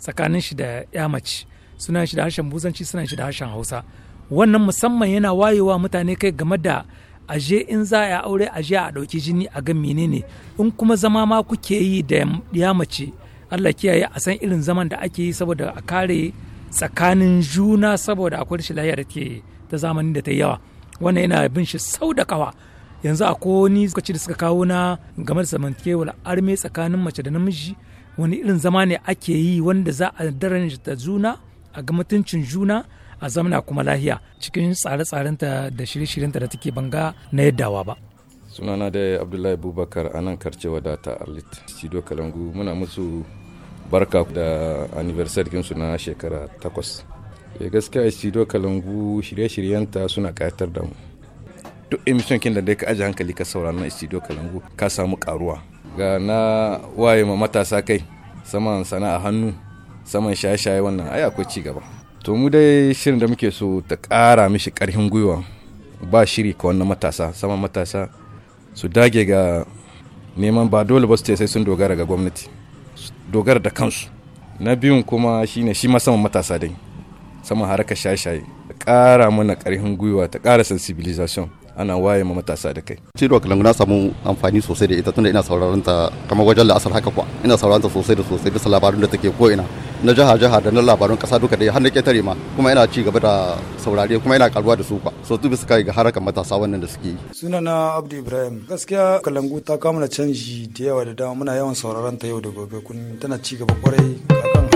tsakanin shi da ya mace suna shi da harshen buzanci suna shi da harshen hausa wannan musamman yana wayewa mutane kai game da aje in za a aure aje a ɗauki jini a ga menene in kuma zama ma kuke yi da ya mace Allah kiyaye a san irin zaman da ake yi saboda a kare tsakanin juna saboda akwai rashin lafiya da ke ta zamanin da ta yawa wannan yana bin shi sau da kawa yanzu a wani lokaci da suka kawo na game da zamantakewar arme tsakanin mace da namiji wani irin zama ne ake yi wanda za a ta juna a ga mutuncin juna a zamana kuma lahiya cikin tsare-tsarenta da shirye-shiryenta da take banga na yaddawa ba sunana da abdullahi bubakar anan karce data alit cido kalangu muna musu barka da anniversary kinsu na shekara takwas eh, gaskiya cido kalangu shirye-shiryenta suna kayatar da mu duk emission kin da dai ka aje hankali ka saurara na studio kalangu ka samu karuwa ga na waye ma matasa kai saman sana'a hannu saman shaye-shaye wannan ai akwai ci gaba to mu dai shirin da muke so ta ƙara mishi ƙarfin gwiwa ba shiri ka wannan matasa saman matasa su dage ga neman ba dole ba su ce sai sun dogara ga gwamnati dogara da kansu na biyun kuma shine shi ma saman matasa dai saman harkar shaye-shaye ta ƙara mana ƙarfin gwiwa ta ƙara sensibilization ana waye ma matasa da kai ciro kalangu na samu amfani sosai da ita tunda ina sauraron ta kamar wajen la'asar haka kuwa ina sauraron ta sosai da sosai bisa labarun da take ko ina na jaha jaha da na labarun kasa duka dai har na ketare ma kuma ina ci gaba da saurare kuma ina karuwa da su kwa so tu bisa kai ga harakan matasa wannan da suke yi sunana abdu ibrahim gaskiya kalangu ta kama na canji da yawa da dama muna yawan sauraron ta yau da gobe kun tana ci gaba kwarai kakan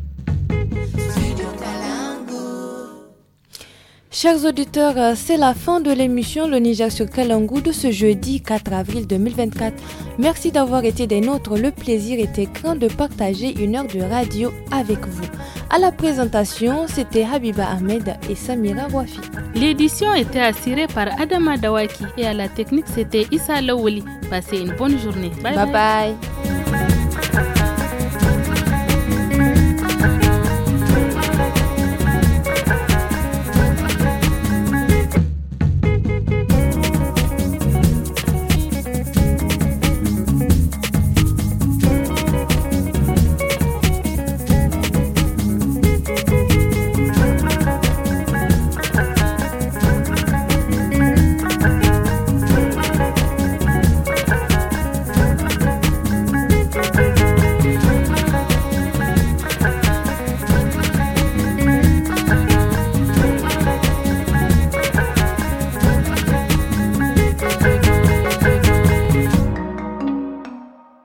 Chers auditeurs, euh, c'est la fin de l'émission Le Niger sur Kalangou de ce jeudi 4 avril 2024. Merci d'avoir été des nôtres. Le plaisir était grand de partager une heure de radio avec vous. À la présentation, c'était Habiba Ahmed et Samira Wafi. L'édition était assurée par Adama Dawaki et à la technique, c'était Issa Lawoli. Passez une bonne journée. bye. bye.